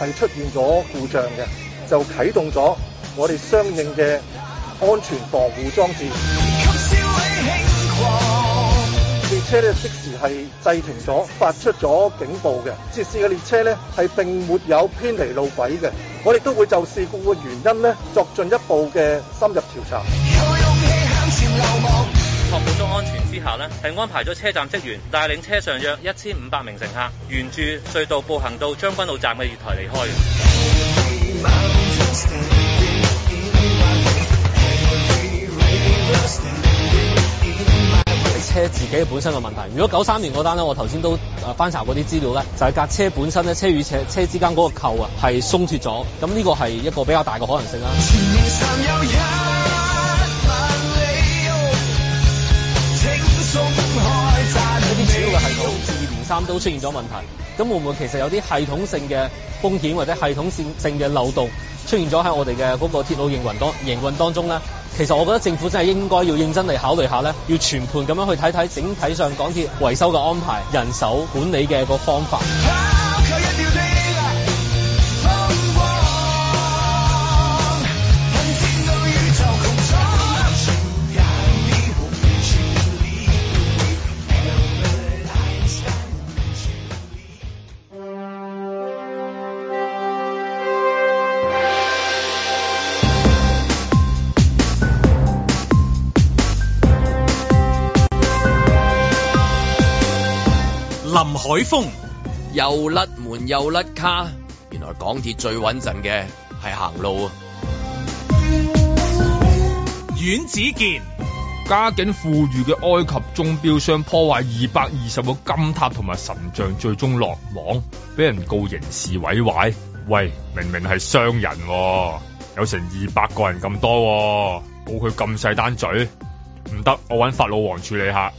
係出現咗故障嘅，就啟動咗我哋相應嘅安全防護裝置。列車咧即時係制停咗，發出咗警報嘅。涉事嘅列車咧係並沒有偏離路軌嘅。我哋都會就事故嘅原因呢，作進一步嘅深入調查。確保咗安全之下呢，係安排咗車站職員帶領車上約一千五百名乘客，沿住隧道步行到將軍澳站嘅月台離開。 車自己本身嘅問題。如果九三年嗰單咧，我頭先都啊翻查過啲資料咧，就係架車本身咧，車與車車之間嗰個扣啊，係鬆脱咗。咁呢個係一個比較大嘅可能性啦。前面上有一啲主要嘅系統，二連三都出現咗問題。咁會唔會其實有啲系統性嘅風險或者系統性性嘅漏洞出現咗喺我哋嘅嗰個鐵路營運當營運當中咧？其實我覺得政府真係應該要認真嚟考慮下咧，要全盤咁樣去睇睇整體上港鐵維修嘅安排、人手管理嘅個方法。海風又甩門又甩卡，原來港鐵最穩陣嘅係行路。阮子健，家境富裕嘅埃及鐘錶商破壞二百二十個金塔同埋神像，最終落網，俾人告刑事毀壞。喂，明明係傷人喎，有成二百個人咁多喎，冇佢咁細單嘴，唔得，我揾法老王處理一下。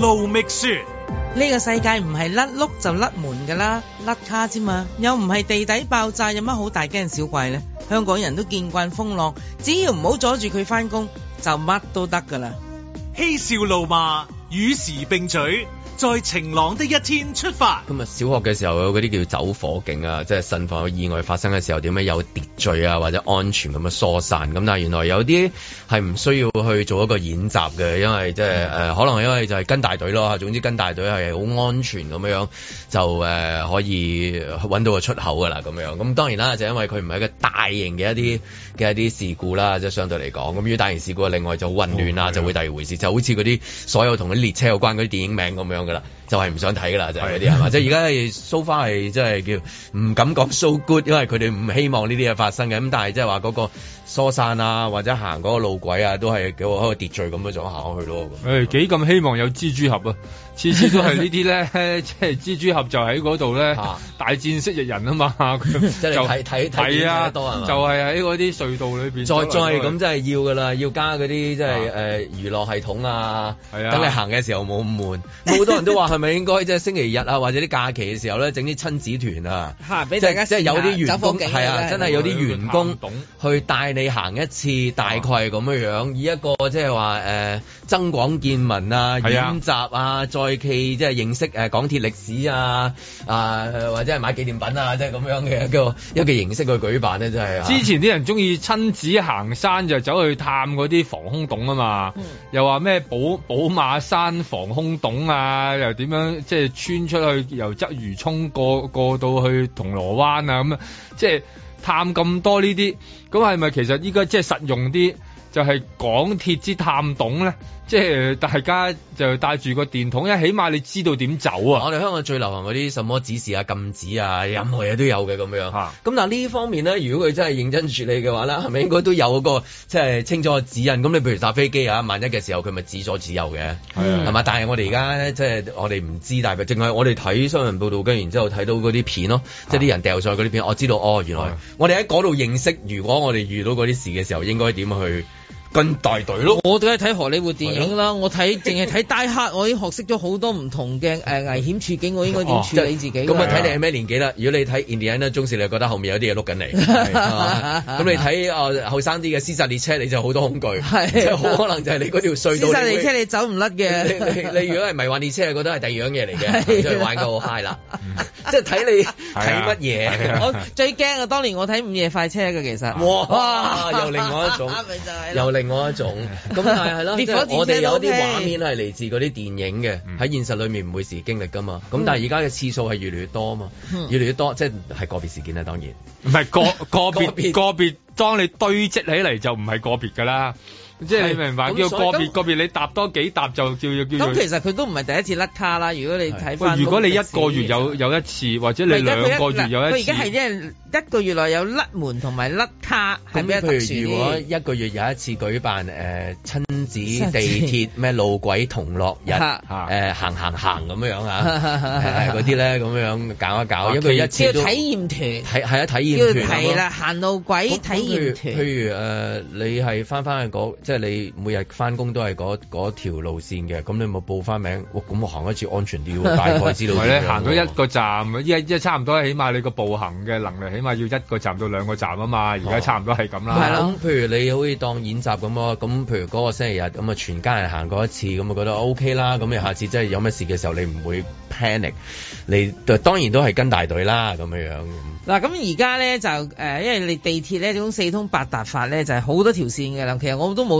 路未雪，呢、這個世界唔係甩碌就甩門噶啦，甩卡啫嘛，又唔係地底爆炸，有乜好大驚小怪呢？香港人都見慣風浪，只要唔好阻住佢返工，就乜都得噶啦。嬉笑怒罵，與時並舉。在晴朗的一天出發。咁、嗯、啊，小學嘅時候有嗰啲叫走火警啊，即係慎防有意外發生嘅時候點樣有秩序啊，或者安全咁樣疏散。咁但係原來有啲係唔需要去做一個演習嘅，因為即係誒可能因為就係跟大隊咯。總之跟大隊係好安全咁樣，就誒、呃、可以揾到個出口㗎啦咁樣。咁當然啦，就是、因為佢唔係一個大型嘅一啲嘅一啲事故啦，即係相對嚟講。咁如大型事故，另外就好混亂啦、嗯，就會第二回事。就好似嗰啲所有同啲列車有關嗰啲電影名咁樣。對了。就係、是、唔想睇㗎啦，就係嗰啲係嘛？即係而家係 so far 係即係叫唔敢講 so good，因為佢哋唔希望呢啲嘢發生嘅。咁但係即係話嗰個疏散啊，或者行嗰個路軌啊，都係叫我喺個秩序咁樣就行去咯。誒幾咁希望有蜘蛛俠啊！次次都係 呢啲咧，即係蜘蛛俠就喺嗰度咧，大戰蜥蜴人啊嘛。即係睇睇睇多係就係喺嗰啲隧道裏邊。再再咁真係要㗎啦，要加嗰啲即係誒娛樂系統啊，等你行嘅時候冇咁悶。好多人都話係。咪應該即係星期日啊，或者啲假期嘅時候咧，整啲親子團啊，吓俾你睇下，即係即係有啲員工係啊，真係有啲員工去帶你行一次，大概係咁樣樣、啊，以一個即係話誒。呃增廣見聞啊，演習啊，係啊再企即係認識誒港鐵歷史啊，啊或者係買紀念品啊，即係咁樣嘅叫一個形式去舉辦咧，真、嗯、係、就係、啊！之前啲人鍾意親子行山就走去探嗰啲防空洞啊嘛，嗯、又話咩寶寶馬山防空洞啊，又點樣即係穿出去由鰂魚涌過過到去銅鑼灣啊咁啊，即係探咁多呢啲，咁係咪其實依家即係實用啲就係、係、港鐵之探洞咧？即係大家就帶住個電筒，一起碼你知道點走啊！我哋香港最流行嗰啲什麼指示啊、禁止啊，任何嘢都有嘅咁樣。嚇！咁但呢方面咧，如果佢真係認真處理嘅話咧，係咪應該都有個即係、就是、清楚嘅指引？咁你譬如搭飛機啊，萬一嘅時候佢咪指左指右嘅，係 嘛是吧？ 但係我哋而家咧，即、就、係、是、我哋唔知，但係淨係我哋睇新聞報道，跟 住然之後睇到嗰啲片咯，即係啲人掉晒嗰啲片，我知道哦，原來我哋喺嗰度認識，如果我哋遇到嗰啲事嘅時候，應該點去？跟大隊咯！我都係睇荷里活電影啦，我睇淨係睇 Die Hard 我已經學識咗好多唔同嘅誒危險處境，我應該點處理自己、哦。咁啊睇你係咩年紀啦？如果你睇 Indiana Jones 你覺得後面有啲嘢碌緊你，咁、啊、你睇、呃、啊後生啲嘅屍殺列車，你就好多恐懼，即係、啊、可能就係你嗰條隧道。屍殺列車你走唔甩嘅。你如果係迷幻列車，覺得係第二樣嘢嚟嘅，啊、就出玩夠好 high 啦。即係睇你睇乜嘢。啊啊、 我最驚啊！當年我睇午夜快車嘅其實。哇！又另外一種。另外一種咁，但係係咯， 我哋有啲畫面係嚟自嗰啲電影嘅，喺、嗯、現實裏面唔會時經歷噶嘛。咁但係而家嘅次數係越嚟越多啊嘛，越嚟越多，即係係個別事件啦。當然，唔係個個別 個別，當你堆積起嚟就唔係個別噶啦。即係你明白叫個別個別，你搭多幾搭就叫要叫。咁其實佢都唔係第一次甩卡啦。如果你睇翻，如果你一個月有有一次，或者你兩個月有一次。佢而家係即係一個月內有甩門同埋甩卡，係咩特殊嘅？咁譬如如果一個月有一次舉辦誒、呃、親子地鐵咩路軌同樂日，呃、行行行咁樣啊，嗰啲咧咁樣搞一搞， 一個月一次都。要體驗團。係啊，體驗團咯。叫團啦，行路軌體驗團。驗團那個、譬如誒、呃，你係翻翻去嗰、那個。即係你每日翻工都係嗰嗰條路線嘅，咁你咪報翻名，咁我行一次安全啲， 大概知道係。行到一個站，因為因為差唔多，起碼你個步行嘅能力，起碼要一個站到兩個站啊嘛。而家差唔多係咁啦。係、哦、啦， 譬如你好似當演習咁咯，咁譬如嗰個星期日，咁啊全家人行過一次，咁啊覺得 O、OK、K 啦，咁下次真係有乜事嘅時候，你唔會 panic，你當然都係跟大隊啦，咁樣樣嗱，咁而家咧就、呃、因為你地鐵咧種四通八達法咧，就係、是、好多條線嘅啦。其實我都冇。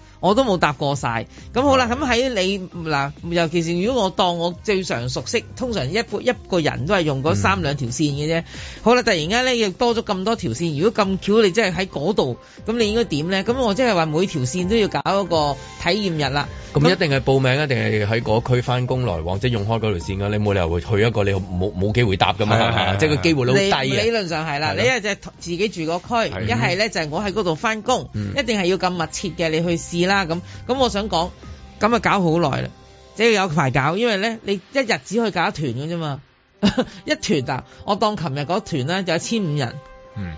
我都冇搭過晒，咁好啦。咁喺你嗱，尤其是如果我當我最常熟悉，通常一一個人都係用嗰三、嗯、兩條線嘅啫。好啦，突然間咧又多咗咁多條線，如果咁巧你真係喺嗰度，咁你應該點咧？咁我即係話每條線都要搞一個體驗日啦。咁一定係報名啊？定係喺嗰區翻工來往即、嗯就是、用開嗰條線噶？你冇理由會去一個你冇冇機會搭噶嘛？即係個機會好低啊！理論上係啦，你一就自己住個區，一係咧就係我喺嗰度翻工，一定係要咁密切嘅你去試。咁、啊，咁我想講，咁啊搞好耐啦，即係有排搞，因為咧你一日只可以搞一團嘅啫嘛， 一團啊，我當琴日嗰團咧就一千五人。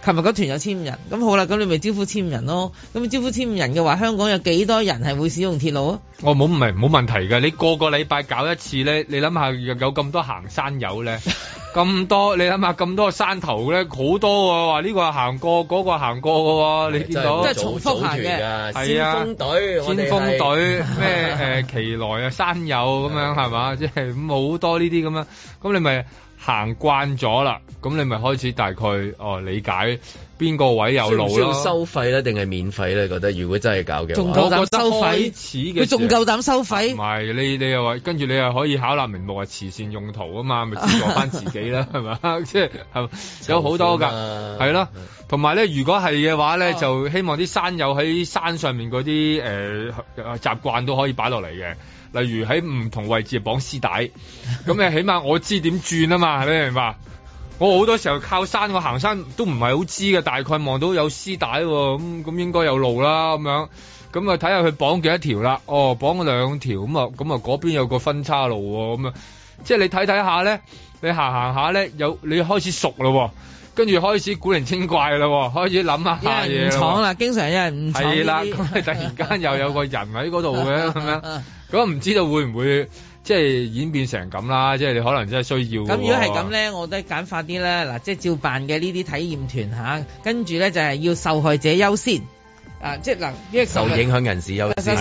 琴日嗰團有千五人，咁好啦，咁你咪招呼千五人咯。咁招呼千五人嘅話，香港有幾多人係會使用鐵路啊？哦，冇唔係冇問題㗎。你個個禮拜搞一次咧，你諗下，有咁多行山友咧，咁 多你諗下，咁多山頭咧，好多喎，話、這、呢個行過，嗰、那個行過嘅喎， 你見到即係重複下嘅，係啊，先鋒隊，先鋒隊咩誒？奇、 呃、來啊，山友咁樣係嘛？即係好多呢啲咁樣，咁你咪。行慣咗啦，咁你咪開始大概哦理解邊個位有路要收費咧定係免費咧？你覺得如果真係搞嘅話，仲夠膽收費？你仲夠膽收費？唔、啊、係你你又話跟住你又可以考納名目係慈善用途啊嘛，咪自負翻自己啦，係 咪是吧？即 係有好多㗎，係咯、啊。同埋咧，如果係嘅話咧，就希望啲山友喺山上面嗰啲誒習慣都可以擺落嚟嘅。例如喺唔同位置綁絲帶，咁你起碼我知點轉啊嘛，係咪 明白。我好多時候靠山，我行山都唔係好知嘅，大概望到有絲帶，啊，咁咁應該有路啦，咁樣咁啊睇下佢綁幾多條啦。哦，綁兩條，咁啊咁啊嗰邊有個分叉路，咁啊，樣即係你睇睇下咧，你行行下咧有你開始熟啦，跟住開始古靈精怪啦，開始諗下嘢。人唔闖啦，經常因人唔闖。係 啦、啊，咁突然間又有個人喺嗰度嘅咁樣。咁唔知道會唔會即係演變成咁啦？即係你可能真係需要。咁如果係咁咧，我都簡化啲啦。嗱，即係照辦嘅呢啲體驗團嚇，跟住咧就係要受害者優先。啊！即係嗱，呢、這個、受影響人士有受受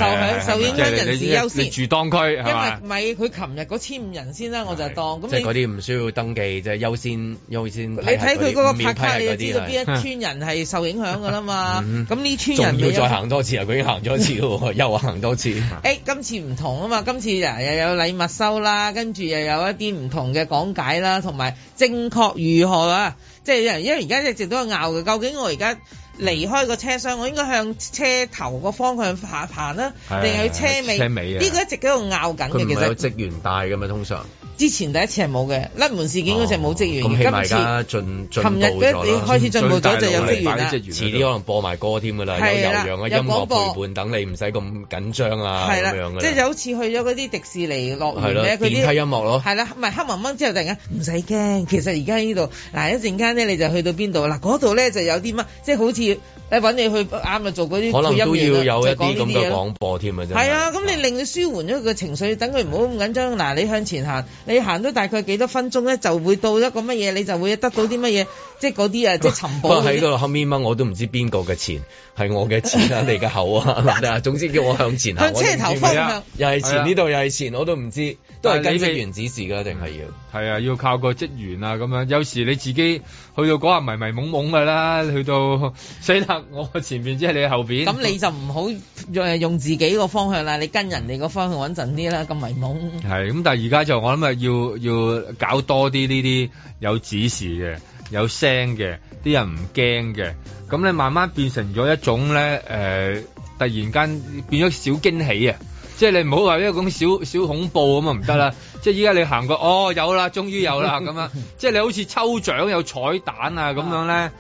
影響人士優先。住當區，因為咪佢琴日嗰千五人先啦，我就當。即係嗰啲唔需要登記，即係優先優先。你睇佢嗰個派單，你，你就知道邊一村人係受影響㗎啦嘛？咁 呢、嗯、村人要再行多次啊！佢已經行咗一次，又行多次。誒、 哎，今次唔同啊嘛！今次又有禮物收啦，跟住又有一啲唔同嘅講解啦，同埋正確如何啊？即係因為而家一直都係拗嘅，究竟我而家。離開個車廂，我應該向車頭個方向爬行啦定係去車尾，車尾啊？呢個一直喺度拗緊嘅。其實有職員帶噶嘛通常之前第一次係冇嘅，甩門事件嗰陣冇職員、哦起，而今次，琴日咧你開始進步咗就有職員啦。遲啲可能播埋歌添㗎啦，有悠揚嘅音樂陪伴等你，唔使咁緊張啊，咁樣即係就是、好似去咗嗰啲迪士尼樂園咧，佢啲電梯音樂咯。係啦，唔黑蒙蒙之後突然間唔使驚，其實而家呢度嗱一陣間咧你就去到邊度嗱嗰度咧就有啲乜即係好似。你揾你去啱咪做嗰啲可能都要有一啲咁嘅廣播添，即係講呢啲嘢咯。係啊，咁、啊、你令佢舒緩咗佢個情緒，等佢唔好咁緊張。嗱、啊啊，你向前行，你行到大概幾多分鐘咧，就會到一個乜嘢，你就會得到啲乜嘢，即係嗰啲啊，即係尋寶。不過喺度後面乜我都唔知邊個嘅錢係我嘅錢啊，你嘅口啊， 總之叫我向前行，車頭風向。又係前呢度，又係前、啊、前，我都唔知。都係跟職員指示噶，定係要？係、嗯、啊，要靠個職員啊咁樣。有時你自己去到嗰下迷迷蒙蒙噶啦，去到死塔我前面，即係你後面。咁、嗯、你就唔好用用自己個方向啦，你跟人哋個方向穩陣啲啦，咁迷蒙。係咁、啊，但係而家就我諗啊，要要搞多啲呢啲有指示嘅、有聲嘅，啲人唔驚嘅。咁你慢慢變成咗一種咧、呃，突然間變咗小驚喜啊！即係你唔好話一個咁小小恐怖咁啊，唔得啦！即係依家你行過，哦有啦，終於有啦咁樣 即係你好似抽獎有彩蛋啊咁樣咧。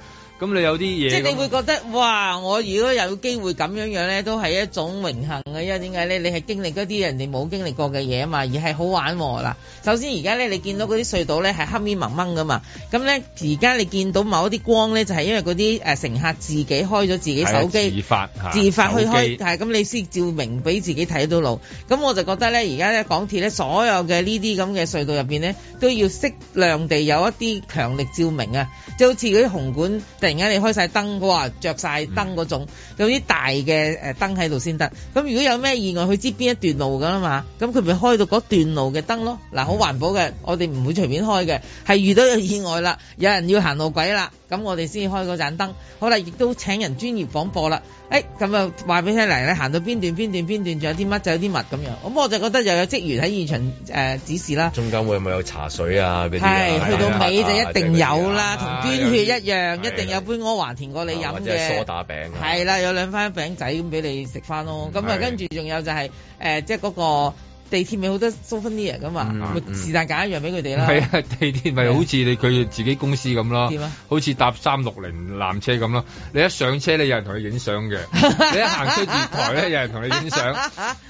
咁你有啲嘢，即係你會覺得哇！我如果有機會咁樣樣咧，都係一種榮幸嘅，因為點解咧？你係經歷嗰啲人哋冇經歷過嘅嘢啊嘛，而係好玩喎嗱！首先而家咧，你見到嗰啲隧道咧係黑煙濛濛噶嘛？咁咧，而家你見到某一啲光咧，就係因為嗰啲誒乘客自己開咗自己手機自發自發去開，係咁你先照明俾自己睇到路。咁我就覺得咧，而家咧港鐵咧，所有嘅呢啲咁嘅隧道入邊咧，都要適量地有一啲強力照明啊！就好似嗰啲紅館。而家你開晒燈嘅話，着晒燈嗰種，有啲大嘅誒燈喺度先得。咁如果有咩意外，佢知邊一段路噶啦嘛，咁佢咪開到嗰段路嘅燈咯。嗱、啊，好環保嘅，我哋唔會隨便開嘅，係遇到有意外啦，有人要行路軌啦。咁我哋先開嗰盞燈，好啦，亦都請人專業講播啦。誒、欸，咁啊話俾你聽嚟咧，行到邊段、邊段、邊段，仲有啲乜，就有啲乜咁樣。咁我就覺得又有職員喺現場、呃、指示啦。中間會唔會有茶水啊？嗰啲係去到尾就一定有啦，同、啊、捐、就是啊、血一樣、哎，一定有杯阿華田過你飲嘅。梳打餅，係啦、啊啊啊，有兩塊餅仔咁俾你食翻咯。咁、就是、啊，跟住仲有就係誒，即係嗰個。地鐵咪好多 souvenir 啲嘢㗎嘛，咪是但揀一樣俾佢哋啦。係、嗯、啊、嗯，地鐵咪好似你佢自己公司咁咯，好似搭三六零纜車咁咯。你一上車，你有人同你影相嘅。 你一行出月台咧， 有人同你影相。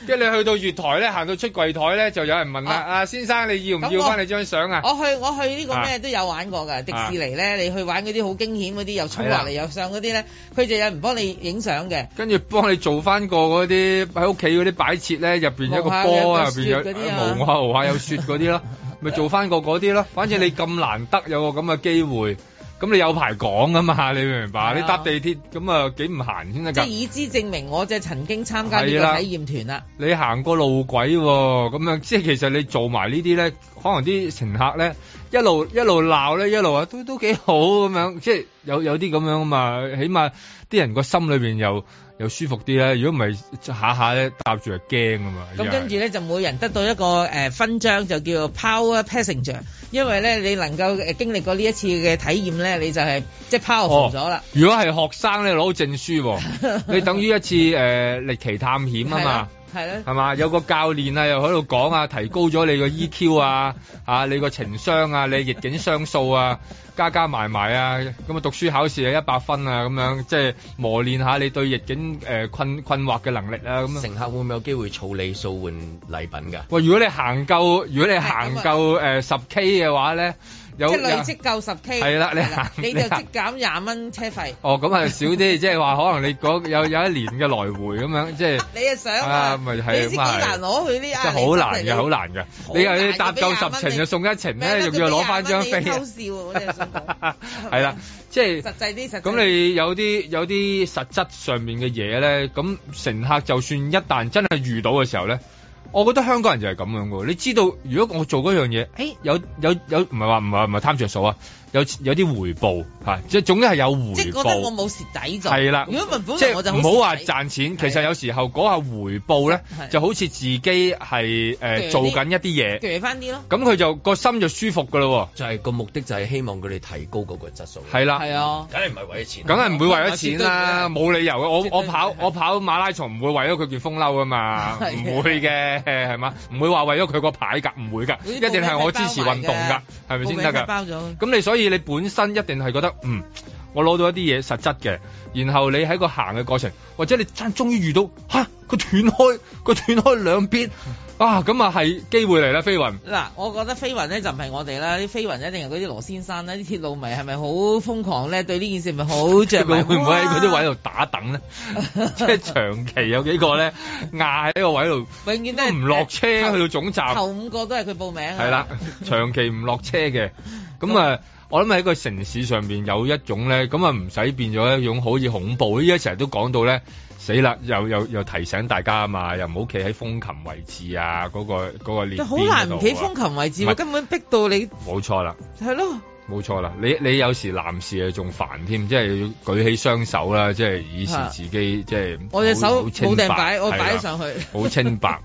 跟 住你去到月台咧，行到出櫃台，咧，就有人問啦、啊啊、先生，你要唔要翻你張相啊？我去我去呢個咩都有玩過㗎、啊。迪士尼咧，你去玩嗰啲好驚險嗰啲，又衝落嚟又上嗰啲咧，佢就有人幫你影相嘅。跟住幫你做翻個嗰啲喺屋企嗰啲擺設咧，入邊有個波啊～邊有下霧下有雪嗰啲咯，咪 做翻個嗰啲咯。反正你咁難得有個咁嘅機會，咁你有排講啊嘛？你明唔明白？你搭地鐵咁啊幾唔閒先得㗎。即係已知證明，我只曾經參加過體驗團啦。你行過路軌喎，咁樣即係其實你做埋呢啲咧，可能啲乘客咧一路一路鬧咧，一路啊都都幾好咁樣，即係有有啲咁樣啊嘛。起碼啲人個心裏邊又～又舒服啲啦，如果唔係下下咧搭住就驚啊嘛。咁跟住咧就每人得到一個誒勳章，就叫做 Power Passenger，因為咧你能夠誒經歷過呢一次嘅體驗咧，你就係即係 powerful 咗啦、哦。如果係學生咧攞到證書，啊， 你等於一次誒、呃、歷奇探險啊嘛。係咧，係嘛？有個教練啊，又喺度講啊，提高咗你個 EQ 啊， 啊，你個情商啊，你逆境商數啊，加加埋埋啊，咁啊，讀書考試啊一百分啊，咁樣即係磨練下你對逆境誒困困惑嘅能力啊，咁啊。乘客會唔會有機會儲里數換禮品㗎？喂，如果你行夠，如果你行夠誒十 K 嘅話咧。有，有即累積夠十 K 係啦，你就即減廿蚊車費。哦，咁係少啲， 即係話可能你有有一年嘅來回咁樣， 即係你啊想啊，咪係啊嘛，真係好難嘅，好難嘅。你又要搭夠十程就送一程咧，仲要攞翻張飛。係 啦，即係實際啲實際啲，咁你有啲有啲實質上面嘅嘢咧，咁乘客就算一旦真係遇到嘅時候咧。我覺得香港人就係咁樣嘅，你知道如果我做嗰樣嘢，誒有有有，唔係話，唔係唔係貪着數啊！有有啲回報即係總之係有回報。即係覺得我冇蝕底咗。係啦，如果民本就即係我唔好話賺錢，其實有時候嗰下回報呢，就好似自己係誒、呃、做緊一啲嘢，攰翻啲咯，咁佢就個心就舒服㗎喇喎，就係、係、個目的就係希望佢哋提高嗰個質素。係啦，係啊，梗係唔係為咗錢？梗係唔會為咗錢啦，冇理由。我我跑我跑馬拉松唔會為咗佢件風褸㗎嘛，唔會嘅係嘛？唔 會話為咗佢個牌價，唔會噶，一定係我支持運動噶，係咪先得㗎？咁你所以你本身一定係覺得嗯，我攞到一啲嘢實質嘅，然後你喺個行嘅過程，或者你真終於遇到吓佢斷開，佢斷開兩邊啊，咁啊係機會嚟啦飛雲。嗱，我覺得飛雲咧就唔係我哋啦，啲飛雲一定係嗰啲羅先生咧，啲鐵路迷係咪好瘋狂咧？對呢件事咪好着迷？ 會唔會喺嗰啲位度打等咧？即係、就是、長期有幾個咧，壓 喺個位度，永遠都唔落車、呃、去到總站。頭，頭五個都係佢報名、啊。係啦，長期唔落車嘅，咁啊。 我諗喺個城市上邊有一種咧，咁啊唔使變咗一種好似恐怖。依家成日都講到咧，死啦！又又又提醒大家啊嘛，又唔好企喺風琴位置啊，嗰個嗰個列。好難唔企風琴位置，根本逼到你。冇錯啦，係咯。冇錯啦，你你有時男士啊仲煩添，即係舉起雙手啦，即係以示自己，即係。我隻手冇定擺，我擺上去。好清白，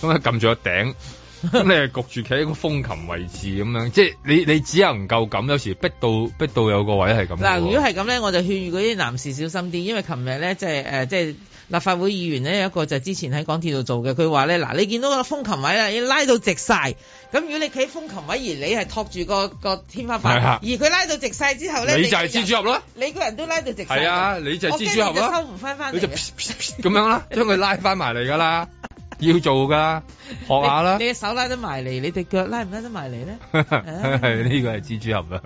咁 樣撳咗頂。頂。 你係焗住企喺個風琴位置咁樣，即係你你只能夠咁，有時逼到逼到有個位係咁。嗱，如果係咁咧，我就勸喻嗰啲男士小心啲，因為琴日咧即係誒即係立法會議員咧有一個就之前喺港鐵度做嘅，佢話咧嗱，你見到個風琴位啦，要拉到直晒。咁如果你企風琴位而你係托住個個天花板，而佢拉到直晒之後咧，你就係蜘蛛俠咯。你個人，人都拉到直晒，係啊，你就係蜘蛛俠咯。我就抽唔翻翻咁樣啦，將佢拉翻埋嚟噶啦。要做噶，學下啦。 你隻手拉得埋嚟，你隻腳拉唔拉得埋嚟咧？係呢個係蜘蛛俠啊。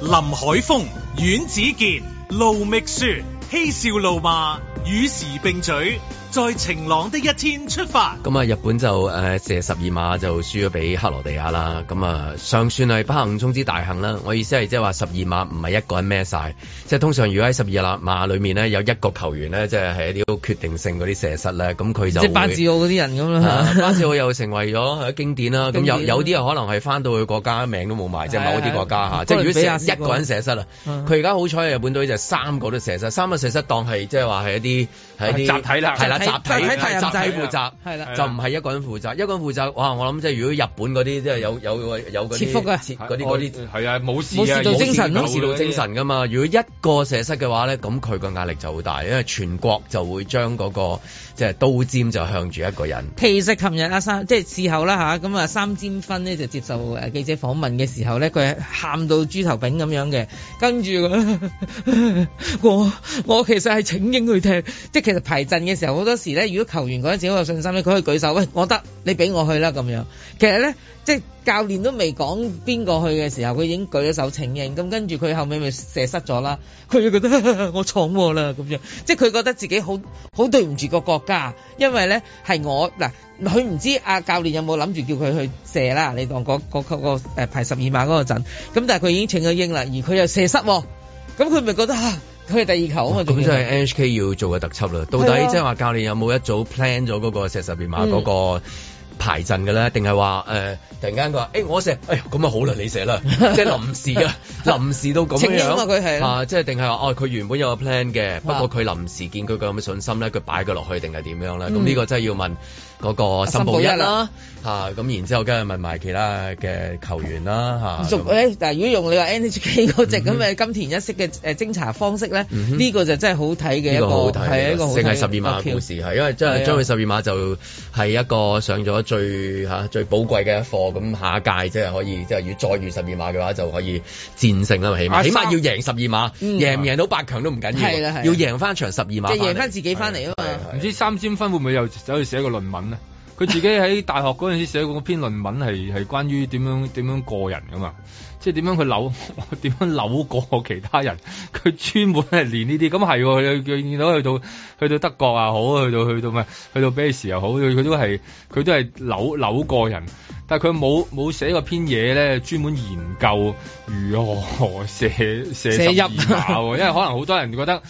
林海峰、阮子健、盧覓雪、嬉笑怒罵，與時並嘴。在晴朗的一天出發。咁啊，日本就誒、呃、射十二碼就輸咗俾克羅地亞啦。咁、嗯、啊，尚算係不幸中之大幸啦。我意思係即係話十二碼唔係一個人孭晒。即、就、係、是、通常如果喺十二粒碼裡面呢，有一個球員呢，即係係一啲決定性嗰啲射失咧，咁佢就即係巴治奧嗰啲人咁啦。巴治奧又成為咗係經典啦。咁 有有啲可能係翻到去國家名字都冇埋， 即係某啲國家嚇。即係如果射一個人射失啦，佢而家好彩日本隊就是三個都射失，三個射失當係即係話係一啲。係集體啦，係啦，集體，集體負責，係啦，就唔係一個人負責，一個人負責。哇！我諗即係如果日本嗰啲即係有有有嗰啲，切腹啊，嗰啲嗰啲係啊，冇事啊，武士道精神，武士道精神噶嘛，事到精神嘛。如果一個社室嘅話咧，咁佢個壓力就好大，因為全國就會將嗰個，即係刀尖就向住一個人。其實琴日阿三即係事後啦，吓，咁，啊三尖芬咧就接受誒記者訪問嘅時候咧，佢係喊到豬頭炳咁樣嘅。跟住、啊啊、我我其實係請纓去踢，即係其實排陣嘅時候好多時咧，如果球員嗰陣時好有信心咧，佢可以舉手，喂，我得，你俾我去啦咁樣。其實咧。即係 教練都未講邊個去嘅時候，佢已經舉咗手請纓，咁跟住佢後尾咪射失咗啦。佢就覺得我闖禍啦咁樣，即係佢覺得自己好好對唔住個國家，因為咧係我嗱，佢唔知阿教練有冇諗住叫佢去射啦。你當嗰嗰個誒排十二碼嗰個陣，咁但係佢已經請咗纓啦，而佢又射失，咁佢咪覺得吓，佢係第二球嘛。咁就係 NHK 要做嘅特輯啦。到底即係話教練有冇一早 plan 咗嗰個射十二碼嗰個？嗯嗯嗯排陣嘅咧，定係話誒突然間佢話誒，我寫，哎咁啊好啦，你寫啦、 啊呃，即係臨時嘅，臨時都咁樣啊。佢係啊，即係定係話哦？佢原本有個 plan 嘅，不過佢臨時見佢個咁嘅信心咧，佢擺佢落去定係點樣咧？咁、嗯、呢個真係要問。嗰、那個新報一啦嚇，咁、啊啊、然之後跟住問埋其他嘅球員啦嚇、啊欸。但係如果用你話 NHK 嗰隻咁嘅金田一式嘅誒偵查方式咧，呢、嗯這個就真係好睇嘅一個，係、這個、一個正係十二碼故事係、啊，因為真係將佢十二碼就係一個上咗最嚇、啊、最寶貴嘅一課。咁下一屆即係可以，即係要再遇十二碼嘅話就可以戰勝啦，咪起碼起碼要贏十二碼，嗯嗯、贏唔贏到八強都唔緊要，要贏翻場十二碼，就是、贏翻自己翻嚟啊嘛。唔知三尖分會唔會又走去寫一個論文佢 自己喺大學嗰陣時寫過篇論文，係係關於點樣點樣過人噶嘛，即係點樣佢扭點 樣扭過其他人，佢專門係練呢啲。咁係佢佢見到去到去到德國啊，好去到去到咩去到，到 base 又好，佢都係佢都係扭扭過人，但係佢冇冇寫過篇嘢咧專門研究如何射射十二碼，因為可能好多人覺得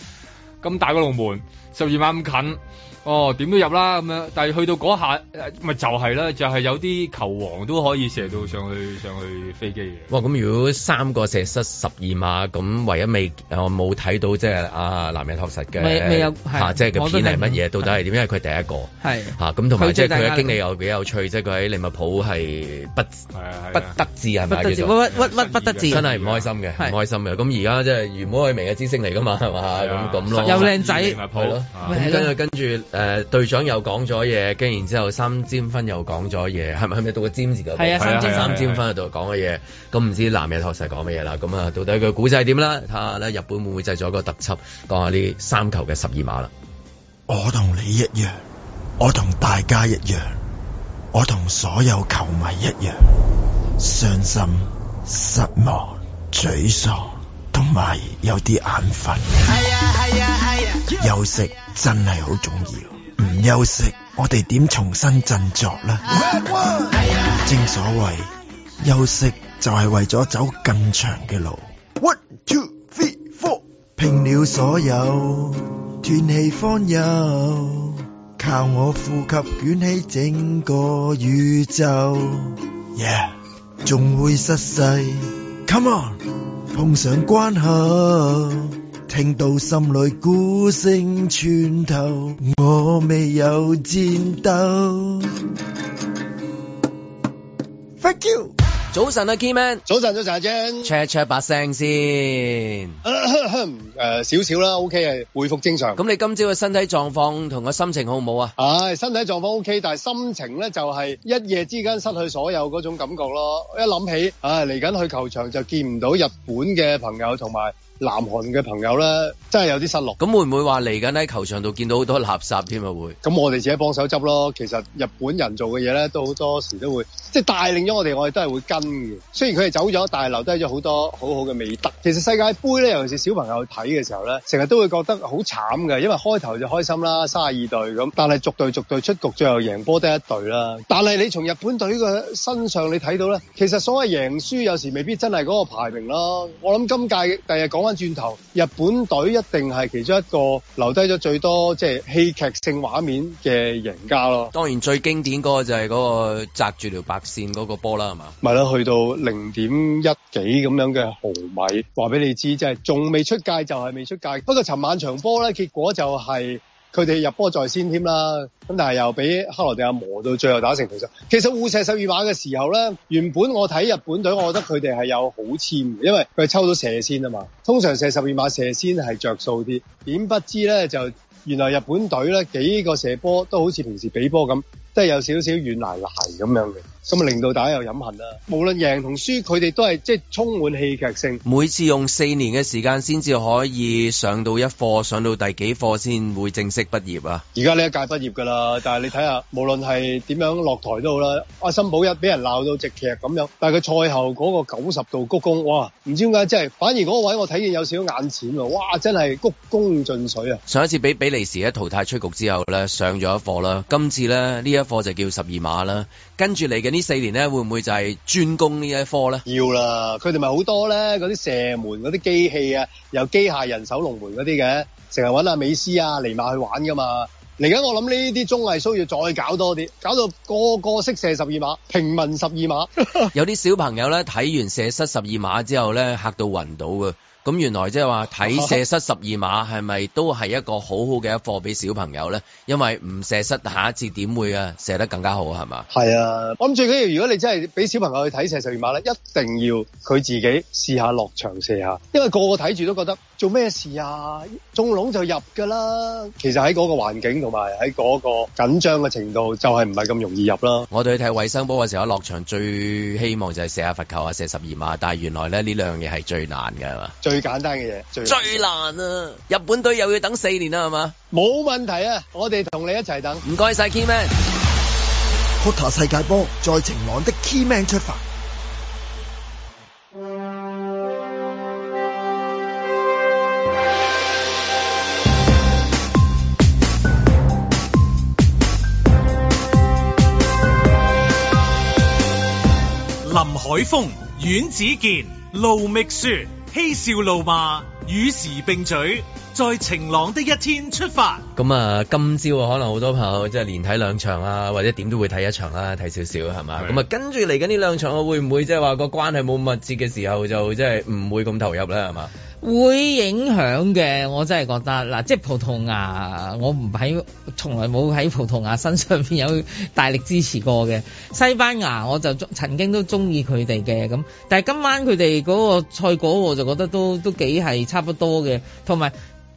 咁大個龍門十二碼咁近。哦，點都入啦咁樣，但係去到嗰下，咪就係啦，就係、是就是、有啲球王都可以射到上去，上去飛機嘅。哇、哦！咁如果三個射失十二碼，咁唯一未我冇睇到，即係啊，南野拓實嘅未未有、啊、即係個片係乜嘢？到底係點？因為佢第一個咁，同埋即係佢嘅經歷又幾有趣，即係佢喺利物浦係不、啊啊、不得志係咪？屈屈屈不得志、啊，真係唔開心嘅，唔、啊啊啊、開心嘅。咁而家即係如無意外，明日之星嚟㗎嘛，係嘛？咁咁咯，又靚仔跟住跟住。誒、呃，隊長又講咗嘢，跟住然之後三尖分又講咗嘢，係咪係咪到個、啊、尖字嘅？係啊，三尖分喺度講嘅嘢，咁唔知男人托細講乜嘢啦？咁啊，啊啊啊到底佢古仔點啦？睇下咧，日本會唔會製咗一個特輯，講下呢三球嘅十二碼啦？我同你一樣，我同大家一樣，我同所有球迷一樣，傷心、失望、沮喪，同埋有啲眼瞓。休息真係好重要，唔休息，我哋點重新振作呢？Bad world! 正所謂，休息就係為咗走更長嘅路。One two three four，拼了所有，斷氣方有。靠我呼吸捲起整個宇宙。Yeah，仲會失勢，Come on，碰上關口。聽到心裏鼓聲，穿透，我未有戰鬥。Thank you。早晨啊，Kiman。早晨，早晨啊，Jen。check check 把聲先。誒，少少啦，OK，係，回複正常。咁你今朝嘅身體狀況同個心情好唔好啊？唉，身體狀況 OK，但係心情咧就係一夜之間失去所有嗰種感覺咯。一諗起，唉，嚟緊去球場就見唔到日本嘅朋友同埋。南韓嘅朋友咧，真係有啲失落。咁會唔會話嚟緊喺球場度見到好多垃圾添啊？會。咁我哋自己幫手執咯。其實日本人做嘅嘢咧，都好多時都會即係帶領咗我哋，我哋都係會跟嘅。雖然佢哋走咗，但係留低咗好多好好嘅美德。其實世界盃咧，尤其是小朋友去睇嘅時候咧，成日都會覺得好慘嘅，因為開頭就開心啦，三十二隊咁，但係逐隊逐隊出局，最後贏波得一隊啦。但係你從日本隊嘅身上你睇到咧，其實所謂贏輸有時未必真係嗰個排名咯。我諗今屆第日講。翻轉頭，日本隊一定係其中一個留低咗最多即係戲劇性畫面嘅贏家咯。當然最經典嗰個就係嗰個扎住條白線嗰個波啦，係嘛？咪啦，去到零點一幾咁樣嘅毫米，話俾你知，即係仲未出界就係未出界。不過尋晚場波咧，結果就係……佢哋入波在先添啦，咁但係又俾克羅地亞磨到最後打成平手。其實互射十二碼嘅時候咧，原本我睇日本隊，我覺得佢哋係有好簽嘅，因為佢抽到射先啊嘛。通常射十二碼射先係著數啲，點不知咧就原來日本隊咧幾個射波都好似平時俾波咁，都係有少少軟瀨瀨咁樣嘅。咁啊，令到大家有飲恨啦！無論贏同輸，佢哋都係即係充滿戲劇性。每次用四年嘅時間先至可以上到一課，上到第幾課先會正式畢業啊？而家呢一屆畢業㗎啦，但係你睇下，無論係點樣落台都好啦，阿森保一俾人鬧到直劇咁樣，但係佢賽後嗰個九十度鞠躬，哇！唔知點解即係，反而嗰個位我睇見有少少眼淺啊！哇，真係鞠躬盡瘁啊！上一次俾比，比利時喺淘汰出局之後咧，上咗一課啦，今次咧呢一課就叫十二碼啦，跟住嚟嘅呢。呢四年咧，會唔會就係專攻呢一科咧？要啦，佢哋咪好多咧，嗰啲射門嗰啲機器啊，由機械人守龍門嗰啲嘅，成日搵阿美斯啊、尼馬去玩㗎嘛。嚟緊我諗呢啲綜藝需要再搞多啲，搞到個個識射十二碼，平民十二碼。 有啲小朋友咧睇完射失十二碼之後咧，嚇到暈倒嘅。咁原來即係話睇射失十二碼係咪都係一個好好嘅一課俾小朋友呢？因為唔射失，下一次點會啊射得更加好係咪？係啊，我諗最緊要如果你真係俾小朋友去睇射十二碼呢，一定要佢自己試下落場射下，因為個個睇住都覺得。做咩事啊？中籠就入噶啦。其實喺嗰個環境同埋喺嗰個緊張嘅程度，就係唔係咁容易入啦。我哋去睇衛生波嘅時候，落場最希望就係射下罰球啊，射十二碼。但係原來咧呢兩嘢係最難嘅，係嘛？最簡單嘅嘢，最難最難啊！日本隊又要等四年啦，係嘛？冇問題啊！我哋同你一齊等。唔該曬，Key Man。Qatar 世界波，在晴朗的 Key Man 出發。林海峰、阮子健、盧覓雪嬉笑怒罵，與時並舉，在晴朗的一天出發。咁啊，今朝啊，可能好多朋友即係連睇兩場啊，或者點都會睇一場啦，睇少少係嘛。咁啊，跟住嚟緊呢兩場，我會唔會即係話個關係冇咁密切嘅時候，就即係唔會咁投入啦，係嘛？會影響嘅，我真係覺得嗱，即係葡萄牙，我唔喺，從來冇喺葡萄牙身上邊有大力支持過嘅。西班牙我就曾經都中意佢哋嘅咁，但係今晚佢哋嗰個賽果我就覺得都都幾係差不多嘅，同埋。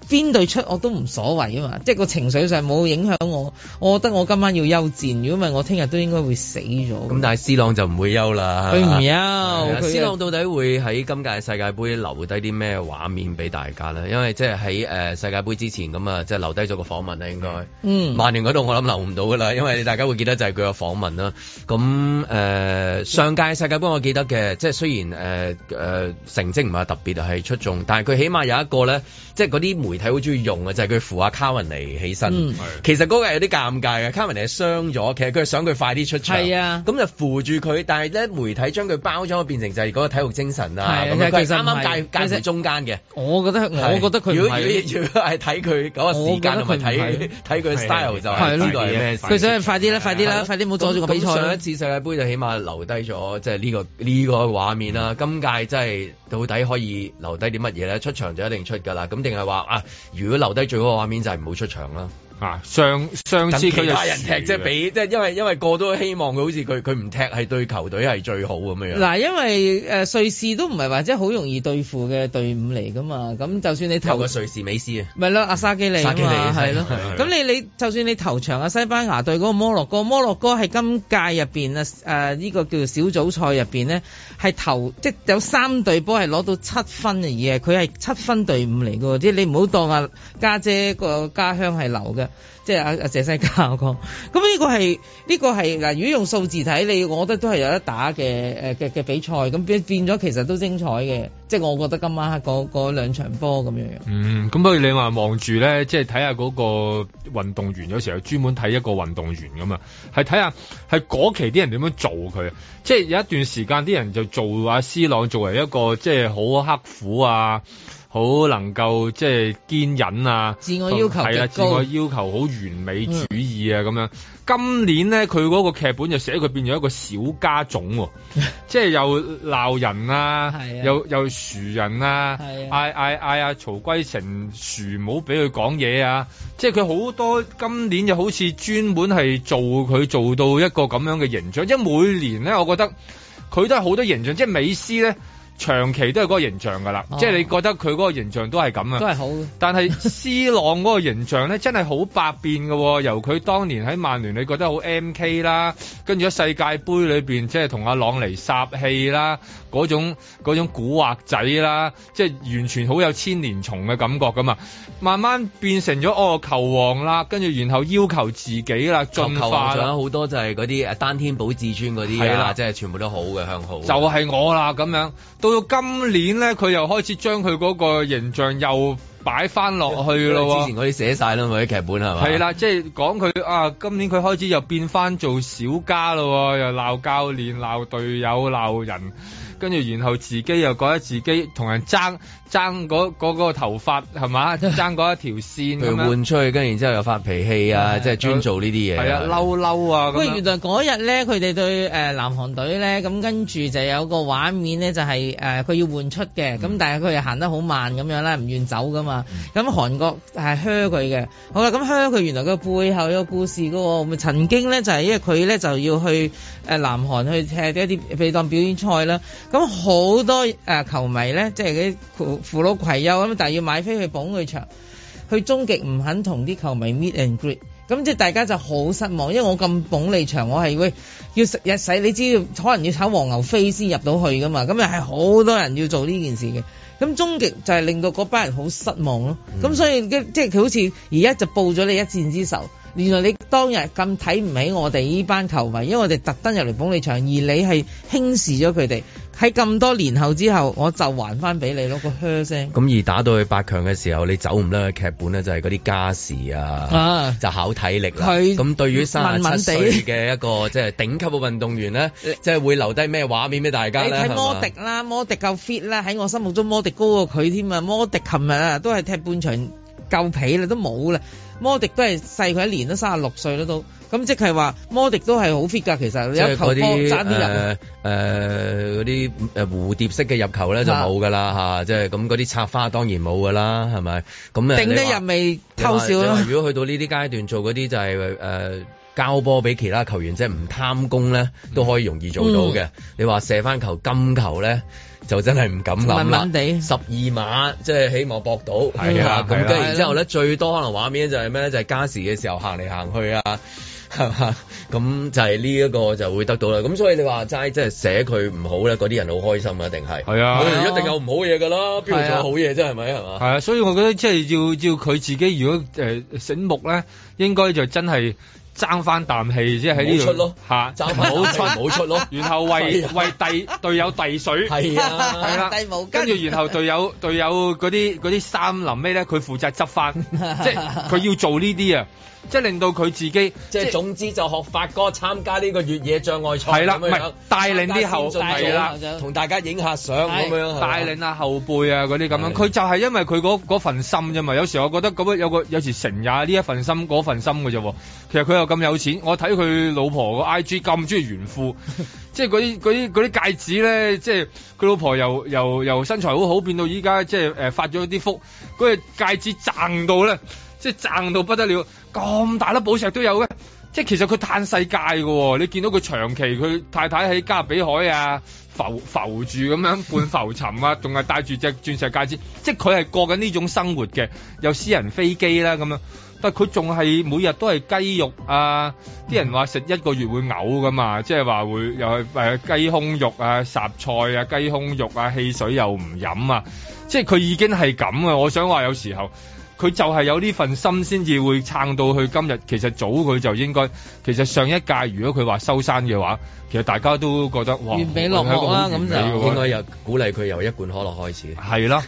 邊隊出我都唔所謂啊嘛，即係個情緒上冇影響我，我覺得我今晚要休戰。如果唔係，我聽日都應該會死咗。咁、嗯、但係斯朗就唔會休啦，佢唔休。斯朗到底會喺今屆世界盃留低啲咩畫面俾大家呢？因為即係喺、呃、世界盃之前咁啊，即係留低咗個訪問啦，應該。嗯，曼聯嗰度我諗留唔到噶啦，因為大家會記得就係佢個訪問啦。咁 誒、呃、上屆世界盃我記得嘅，即係雖然誒、呃呃、成績唔係特別係出眾，但係佢起碼有一個咧，即係嗰啲媒。睇好中意用嘅就係、是、佢扶下卡文尼起身，嗯、其實嗰個係有啲尷尬嘅，卡文尼係傷咗，其實佢係想佢快啲出場，咁、啊、就扶住佢，但係咧媒體將佢包裝變成就係嗰個體育精神啊，咁佢啱啱解釋中間嘅，我覺得我覺得佢如果如果如果係睇佢嗰個時間同睇睇佢 style 是就係、是、埋個嘢，佢想快啲啦，快啲啦，快啲唔阻住、那個比賽。上一次世界盃就起碼留低咗即係呢個呢、這個畫面啦、啊嗯，今屆真係到底可以留低啲乜嘢咧？出場就一定出㗎啦，咁定係話啊？如果留低最好嘅畫面，就係唔好出場啦。啊，上上次佢就人踢啫，俾即係因為因為過多希望佢好似佢佢唔踢係對球隊係最好咁樣樣。嗱，因為誒、呃、瑞士都唔係話即係好容易對付嘅隊伍嚟噶嘛，咁就算你投有個瑞士美斯啊，咪啦阿沙基利啊嘛，係咯，咁你你就算你投場啊西班牙隊嗰個摩洛哥，摩洛哥係今屆入邊啊誒呢個叫做小組賽入邊咧，係投即係有三隊波係攞到七分嘅嘢，佢係七分隊伍嚟嘅，即係你唔好當阿姐家姐個家鄉係流嘅。即係阿阿謝西嘉我講，咁呢個係呢個係嗱，如果用數字睇你，我覺得都係有得打嘅誒嘅嘅比賽，咁變變咗其實都精彩嘅。即係我覺得今晚嗰嗰兩場波咁樣樣。嗯，咁不如你話望住咧，即係睇下嗰個運動員，有時候專門睇一個運動員咁啊，係睇下係嗰期啲人點樣做佢，即係有一段時間啲人就做阿 C 朗作為一個即係好刻苦啊。好能夠即係堅忍啊！自我要求係啦、啊，自我要求好完美主義啊咁、嗯、樣。今年咧，佢嗰個劇本就寫佢變咗一個小家種喎、啊， 即係又鬧人啊，又又、啊、馴人啊，嗌嗌嗌阿曹圭成馴，唔好俾佢講嘢啊！即係佢好多今年就好似專門係做佢做到一個咁樣嘅形象。即係每年咧，我覺得佢都係好多形象。即係美斯咧。長期都係嗰個形象㗎啦、哦，即係你覺得佢嗰個形象都係咁啊。都係好。但係 C 朗嗰個形象咧，真係好百變嘅、哦， 由佢當年喺曼聯，你覺得好 MK 啦，跟住喺世界杯裏邊，即係同阿朗尼殺氣啦。嗰種嗰種古惑仔啦，即係完全好有千年蟲嘅感覺咁啊！慢慢變成咗哦球王啦，跟住然後要求自己啦，求進化咗好多，就係嗰啲單天保至尊嗰啲啦，即係全部都好嘅向好，就係、是、我啦咁樣。到今年咧，佢又開始將佢嗰個形象又擺翻落去咯。之前嗰啲寫晒啦咪啲劇本係咪？係啦、啊，即係講佢啊！今年佢開始又變翻做小家咯，又鬧教練、鬧隊友、鬧人。跟住，然後自己又覺得自己同人爭。爭嗰嗰個頭髮係嘛，爭嗰一條線，佢 換出去，跟住然之後又發脾氣 啊， 啊，即係專做呢啲嘢。係啊，嬲嬲啊！咁原來嗰日咧，佢哋對誒南韓隊咧，咁跟住就有個畫面咧，就是，就係誒佢要換出嘅，咁但係佢又行得好慢咁樣咧，唔願走噶嘛。咁 韓國係噓佢嘅。好啦，咁噓佢原來個背後有個故事噶，咪曾經咧就係因為佢咧就要去誒南韓去踢一啲被當表演賽啦。咁好多誒、呃、球迷咧，即係扶老攜幼咁，但係要買飛去捧佢場，去終極唔肯同啲球迷 meet and greet，咁即係大家就好失望，因為我咁捧你場，我係會要食日使你知，可能要炒黃牛飛先入到去噶嘛，咁又係好多人要做呢件事嘅，咁終極就係令到嗰班人好失望咯，咁、嗯、所以即係佢好似而家就報咗你一箭之仇，原來你當日咁睇唔起我哋呢班球迷，因為我哋特登入嚟捧你場，而你係輕視咗佢哋。喺咁多年後之後，我就還翻俾你咯，那個噓聲。咁而打到去八強嘅時候，你走唔甩嘅劇本咧就係嗰啲加時啊，就考體力啦。咁對於三十七歲嘅一個即係頂級嘅運動員咧，即 係會留低咩畫面俾大家咧？你睇摩迪啦，摩迪夠 fit 啦。喺我心目中，摩迪高過佢添啊。摩迪琴日啊都係踢半場夠皮啦，都冇啦。摩迪都係細佢一年都三十六歲啦都咁，即係話摩迪都係好 fit 噶。其實有球波爭啲人誒誒嗰啲誒蝴蝶式嘅入球咧就冇噶啦吓，即係咁嗰啲插花當然冇噶啦，係咪？咁定得入未偷少偷笑咯。如果去到呢啲階段做嗰啲就係、是、誒、呃、交波俾其他球員，即係唔貪功咧，都可以容易做到嘅、嗯。你話射翻球金球咧？就真係唔敢諗啦！慢慢地，十二碼，即係希望博到。係啊，咁跟住之後咧、啊，最多可能畫面就係咩咧？就係加時嘅時候行嚟行去啊，咁就係呢一個就會得到啦。咁所以你話齋，即係寫佢唔好咧，嗰啲人好開心啊？定係係啊？一定、啊、一定有唔好嘢㗎啦，邊度有好嘢啫？係咪係嘛？啊，所以我覺得即係要要佢自己，如果、呃、醒目咧，應該就真係。爭翻啖氣，即係喺呢度吓，爭唔好出，唔好出咯。啊、出 出咯 然後為 為第隊友遞水，係 啊，係啦，跟住然後隊友隊 友嗰啲嗰啲衫臨尾咧，佢負責執翻， 即係佢要做呢啲啊。即係令到佢自己，即係總之就學發哥參加呢個越野障礙賽啦，樣樣，帶領啲後同大家影下相，帶領後帶下帶領後輩啊嗰啲咁樣。佢就係因為佢嗰份心啫嘛。有時我覺得咁樣，有個有時成也呢一份心，嗰份心咋啫。其實佢又咁有錢，我睇佢老婆個 I G 咁中意炫富，即係嗰啲嗰啲啲戒指咧，即係佢老婆由由由身材好好，變到依家即係誒發咗啲福，嗰隻戒指賺到咧。即係賺到不得了，咁大粒寶石都有嘅。即係其實佢嘆世界嘅喎，哦，你見到佢長期佢太太喺加勒比海啊浮浮住咁樣半浮沉啊，仲係帶住隻鑽石戒指，即係佢係過緊呢種生活嘅，有私人飛機啦咁樣。但係佢仲係每日都係雞肉啊，啲人話食一個月會嘔噶嘛，即係話會又係誒雞胸肉啊、雜菜啊、雞胸肉啊、汽水又唔飲啊，即係佢已經係咁啊！我想話有時候。佢就係有呢份心先至會撐到去今日。其實早佢就應該，其實上一屆如果佢話收山嘅話，其實大家都覺得哇，完美落幕啦，咁就應該又鼓勵佢由一罐可樂開始。係咯，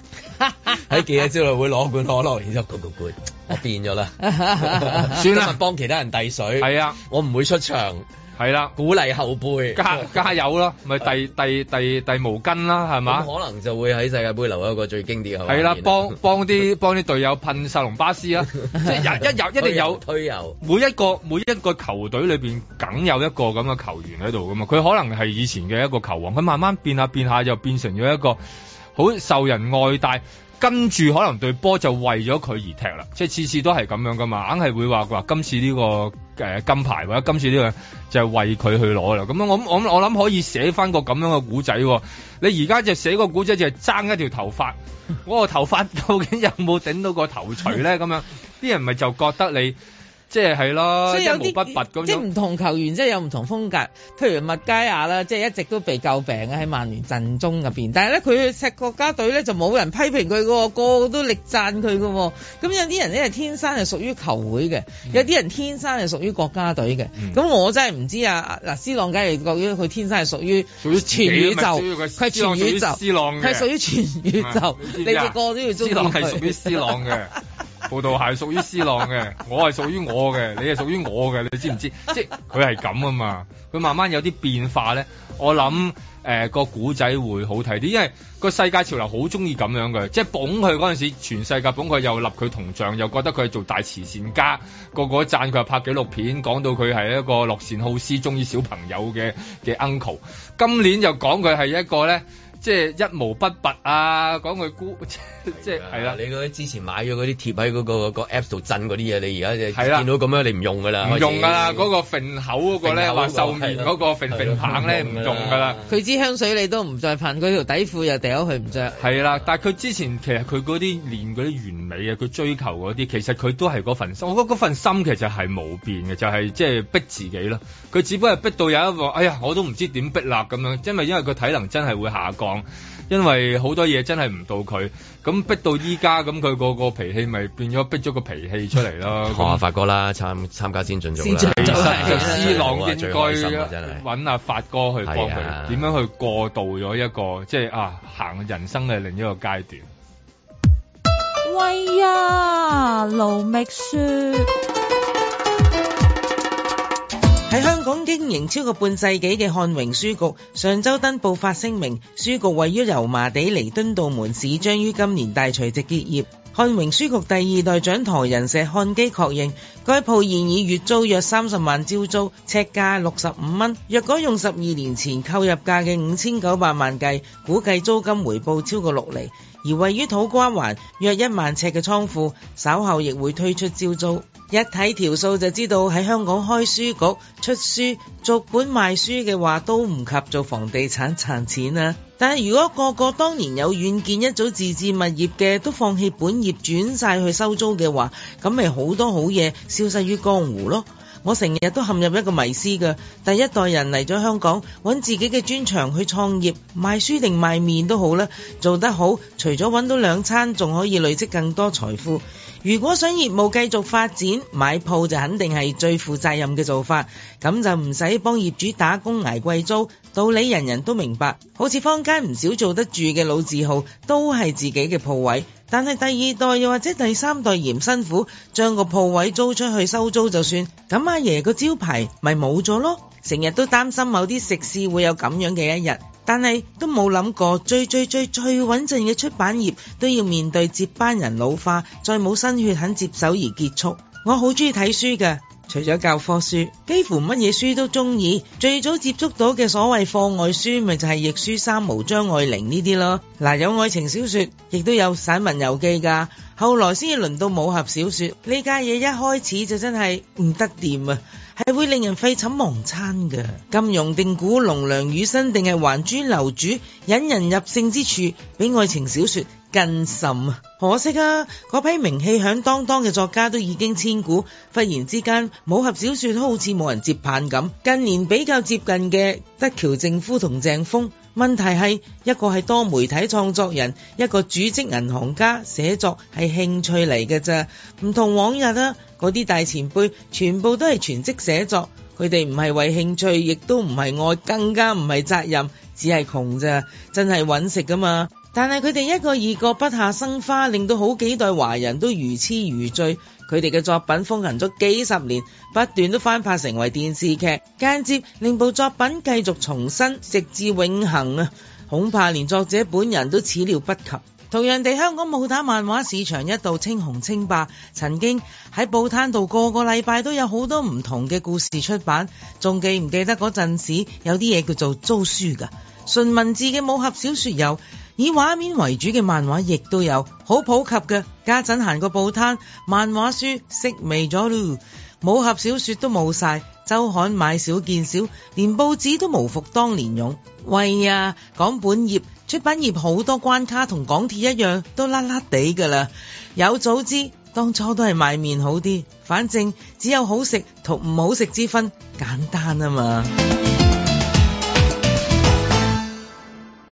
喺記者招待會攞罐可樂，然後罐罐罐，我變咗啦。 算啦，幫其他人遞水。係啊，我唔會出場。係啦，鼓勵後輩加加油咯，咪遞遞遞遞毛巾啦，係嘛？可能就會喺世界杯留一個最經典嘅畫面。係啦，幫幫啲幫啲隊友噴薩隆巴斯啦，即係人一有一定有推油，每一個每一個球隊裏邊梗有一個咁嘅球員喺度噶嘛，佢可能係以前嘅一個球王，佢慢慢變下變下就變成咗一個好受人愛戴。跟住可能對波就為咗佢而踢啦，即係次次都係咁樣噶嘛，硬係會話話今次呢、這個誒、呃、金牌或者今次呢、這個就係、是、為佢去攞啦。咁樣我我我諗可以寫翻個咁樣嘅古仔。你而家就寫個古仔就係爭一條頭髮，我 個頭髮究竟有冇頂到個頭錘咧？咁樣啲人咪就覺得你。即係係咯，一毛不拔咁樣即係唔同球員即係有唔同風格，譬如麥嘉亞啦，即係一直都被詬病嘅喺曼聯陣中入面。但係咧佢踢國家隊咧就冇人批評佢個，個都力讚佢個。咁有啲人咧係天生係屬於球會嘅、嗯，有啲人天生係屬於國家隊嘅。咁、嗯、我真係唔知道啊！嗱，斯朗梗係屬佢天生係屬於全宇宙，佢係全，全宇宙，斯朗係屬，屬於全宇宙，啊、你哋個都要中意佢。斯朗係屬於斯朗嘅 報道係屬於思朗嘅，我係屬於我嘅，你係屬於我嘅，你知唔知？即係佢係咁啊嘛，佢慢慢有啲變化咧，我諗、呃、個古仔會好睇啲，因為個世界潮流好中意咁樣嘅，即係捧佢嗰陣時，全世界捧佢又立佢銅像，又覺得佢係做大慈善家，個個讚佢拍紀錄片講到佢係一個樂善好施、中意小朋友嘅嘅 uncle。今年又講佢係一個咧。即係一毛不拔啊！講句孤即即係啦。你嗰啲之前買咗嗰啲貼喺嗰個個 apps 度震嗰啲嘢，你而家就見到咁樣，你唔用噶啦。唔用噶啦，嗰個揈口嗰個咧，話瘦面嗰個揈揈棒咧，唔用噶啦。佢支香水你都唔再噴，佢條底褲又掉咗佢唔着。係啦，但係佢之前其實佢嗰啲練嗰啲完美嘅，佢追求嗰啲，其實佢都係嗰份心。我覺得嗰份心其實係冇變嘅，就係即係逼自己咯。佢只不過係逼到有一個，哎呀，我都唔知點逼立咁樣，因為因為佢體能真係會下降。因為好多嘢真係唔到佢。咁逼到依家，咁佢個個脾氣咪變咗逼咗個脾氣出嚟咯。講阿發哥啦，參參加先進組啦，先組，斯朗應該揾阿發哥去幫佢，點樣、啊、去過渡咗一個即係、就是、啊行人生嘅另一個階段。喂啊，盧覓雪。喺香港經營超過半世紀嘅漢榮書局上周登報發聲明，書局位於油麻地彌敦道門市，將於今年大除夕結業。漢榮書局第二代掌舵人石漢基確認，該鋪現已月租約三十萬招租，尺價六十五蚊。若果用十二年前購入價嘅五千九百萬計，估計租金回報超過六厘。而位於土瓜灣約一萬尺嘅倉庫，稍後亦會推出招租。一睇條數就知道喺香港開書局、出書、逐本賣書嘅話，都唔及做房地產賺錢啊！但係如果個個當年有遠見一早自置物業嘅，都放棄本業轉晒去收租嘅話，咁咪好多好嘢消失於江湖咯。我成日都陷入一個迷思嘅，第一代人嚟咗香港，揾自己嘅專長去創業，賣書定賣麵都好啦，做得好，除咗揾到兩餐，仲可以累積更多財富。如果想業務繼續發展，買鋪就肯定係最負責任嘅做法，咁就唔使幫業主打工挨貴租，道理人人都明白。好似坊間唔少做得住嘅老字號，都係自己嘅鋪位，但係第二代又或者第三代嫌辛苦，將個鋪位租出去收租就算，咁阿爺個招牌咪冇咗咯。成日都擔心某啲食肆會有咁樣嘅一日，但係都冇諗過最最最最穩陣嘅出版業都要面對接班人老化，再冇新血肯接手而結束。我好中意睇書㗎，除咗教科書，幾乎乜嘢書都中意。最早接觸到嘅所謂課外書，咪就係亦舒、三毛、張愛玲呢啲咯。嗱，有愛情小說，亦都有散文遊記噶。後來先至輪到武俠小說呢家嘢，一開始就真係唔得掂啊！係會令人廢寢忘餐噶，金庸定古龍、梁羽生定係還珠樓主引人入勝之處，比愛情小說。更甚可惜啊，嗰批名氣響噹噹嘅作家都已經千古。忽然之間，武俠小說都好似冇人接棒咁。近年比較接近嘅，得喬靖夫同鄭豐，問題係，一個係多媒體創作人，一個主職銀行家，寫作係興趣嚟嘅咋。唔同往日啊，嗰啲大前輩全部都係全職寫作，佢哋唔係為興趣，亦都唔係愛，更加唔係責任，只係窮咋，真係揾食噶嘛。但係佢哋一個二個筆下生花，令到好幾代華人都如痴如醉。佢哋嘅作品風行咗幾十年，不斷都翻拍成為電視劇，間接令部作品繼續重生，直至永恆啊！恐怕連作者本人都始料不及。同樣地，香港武打漫畫市場一度青紅清白，曾經喺報攤度個個禮拜都有好多唔同嘅故事出版。仲記唔記得嗰陣時有啲嘢叫做租書噶？純文字嘅武俠小說有。以畫面為主嘅漫畫亦都有，好普及噶。家陣行個報攤，漫畫書式微咗咯，武俠小說都冇晒，周刊買少見少，連報紙都無復當年勇。喂呀，港本業、出版業好多關卡同港鐵一樣，都甩甩地噶啦。有早知當初都係賣麵好啲，反正只有好食同唔好食之分，簡單啊嘛。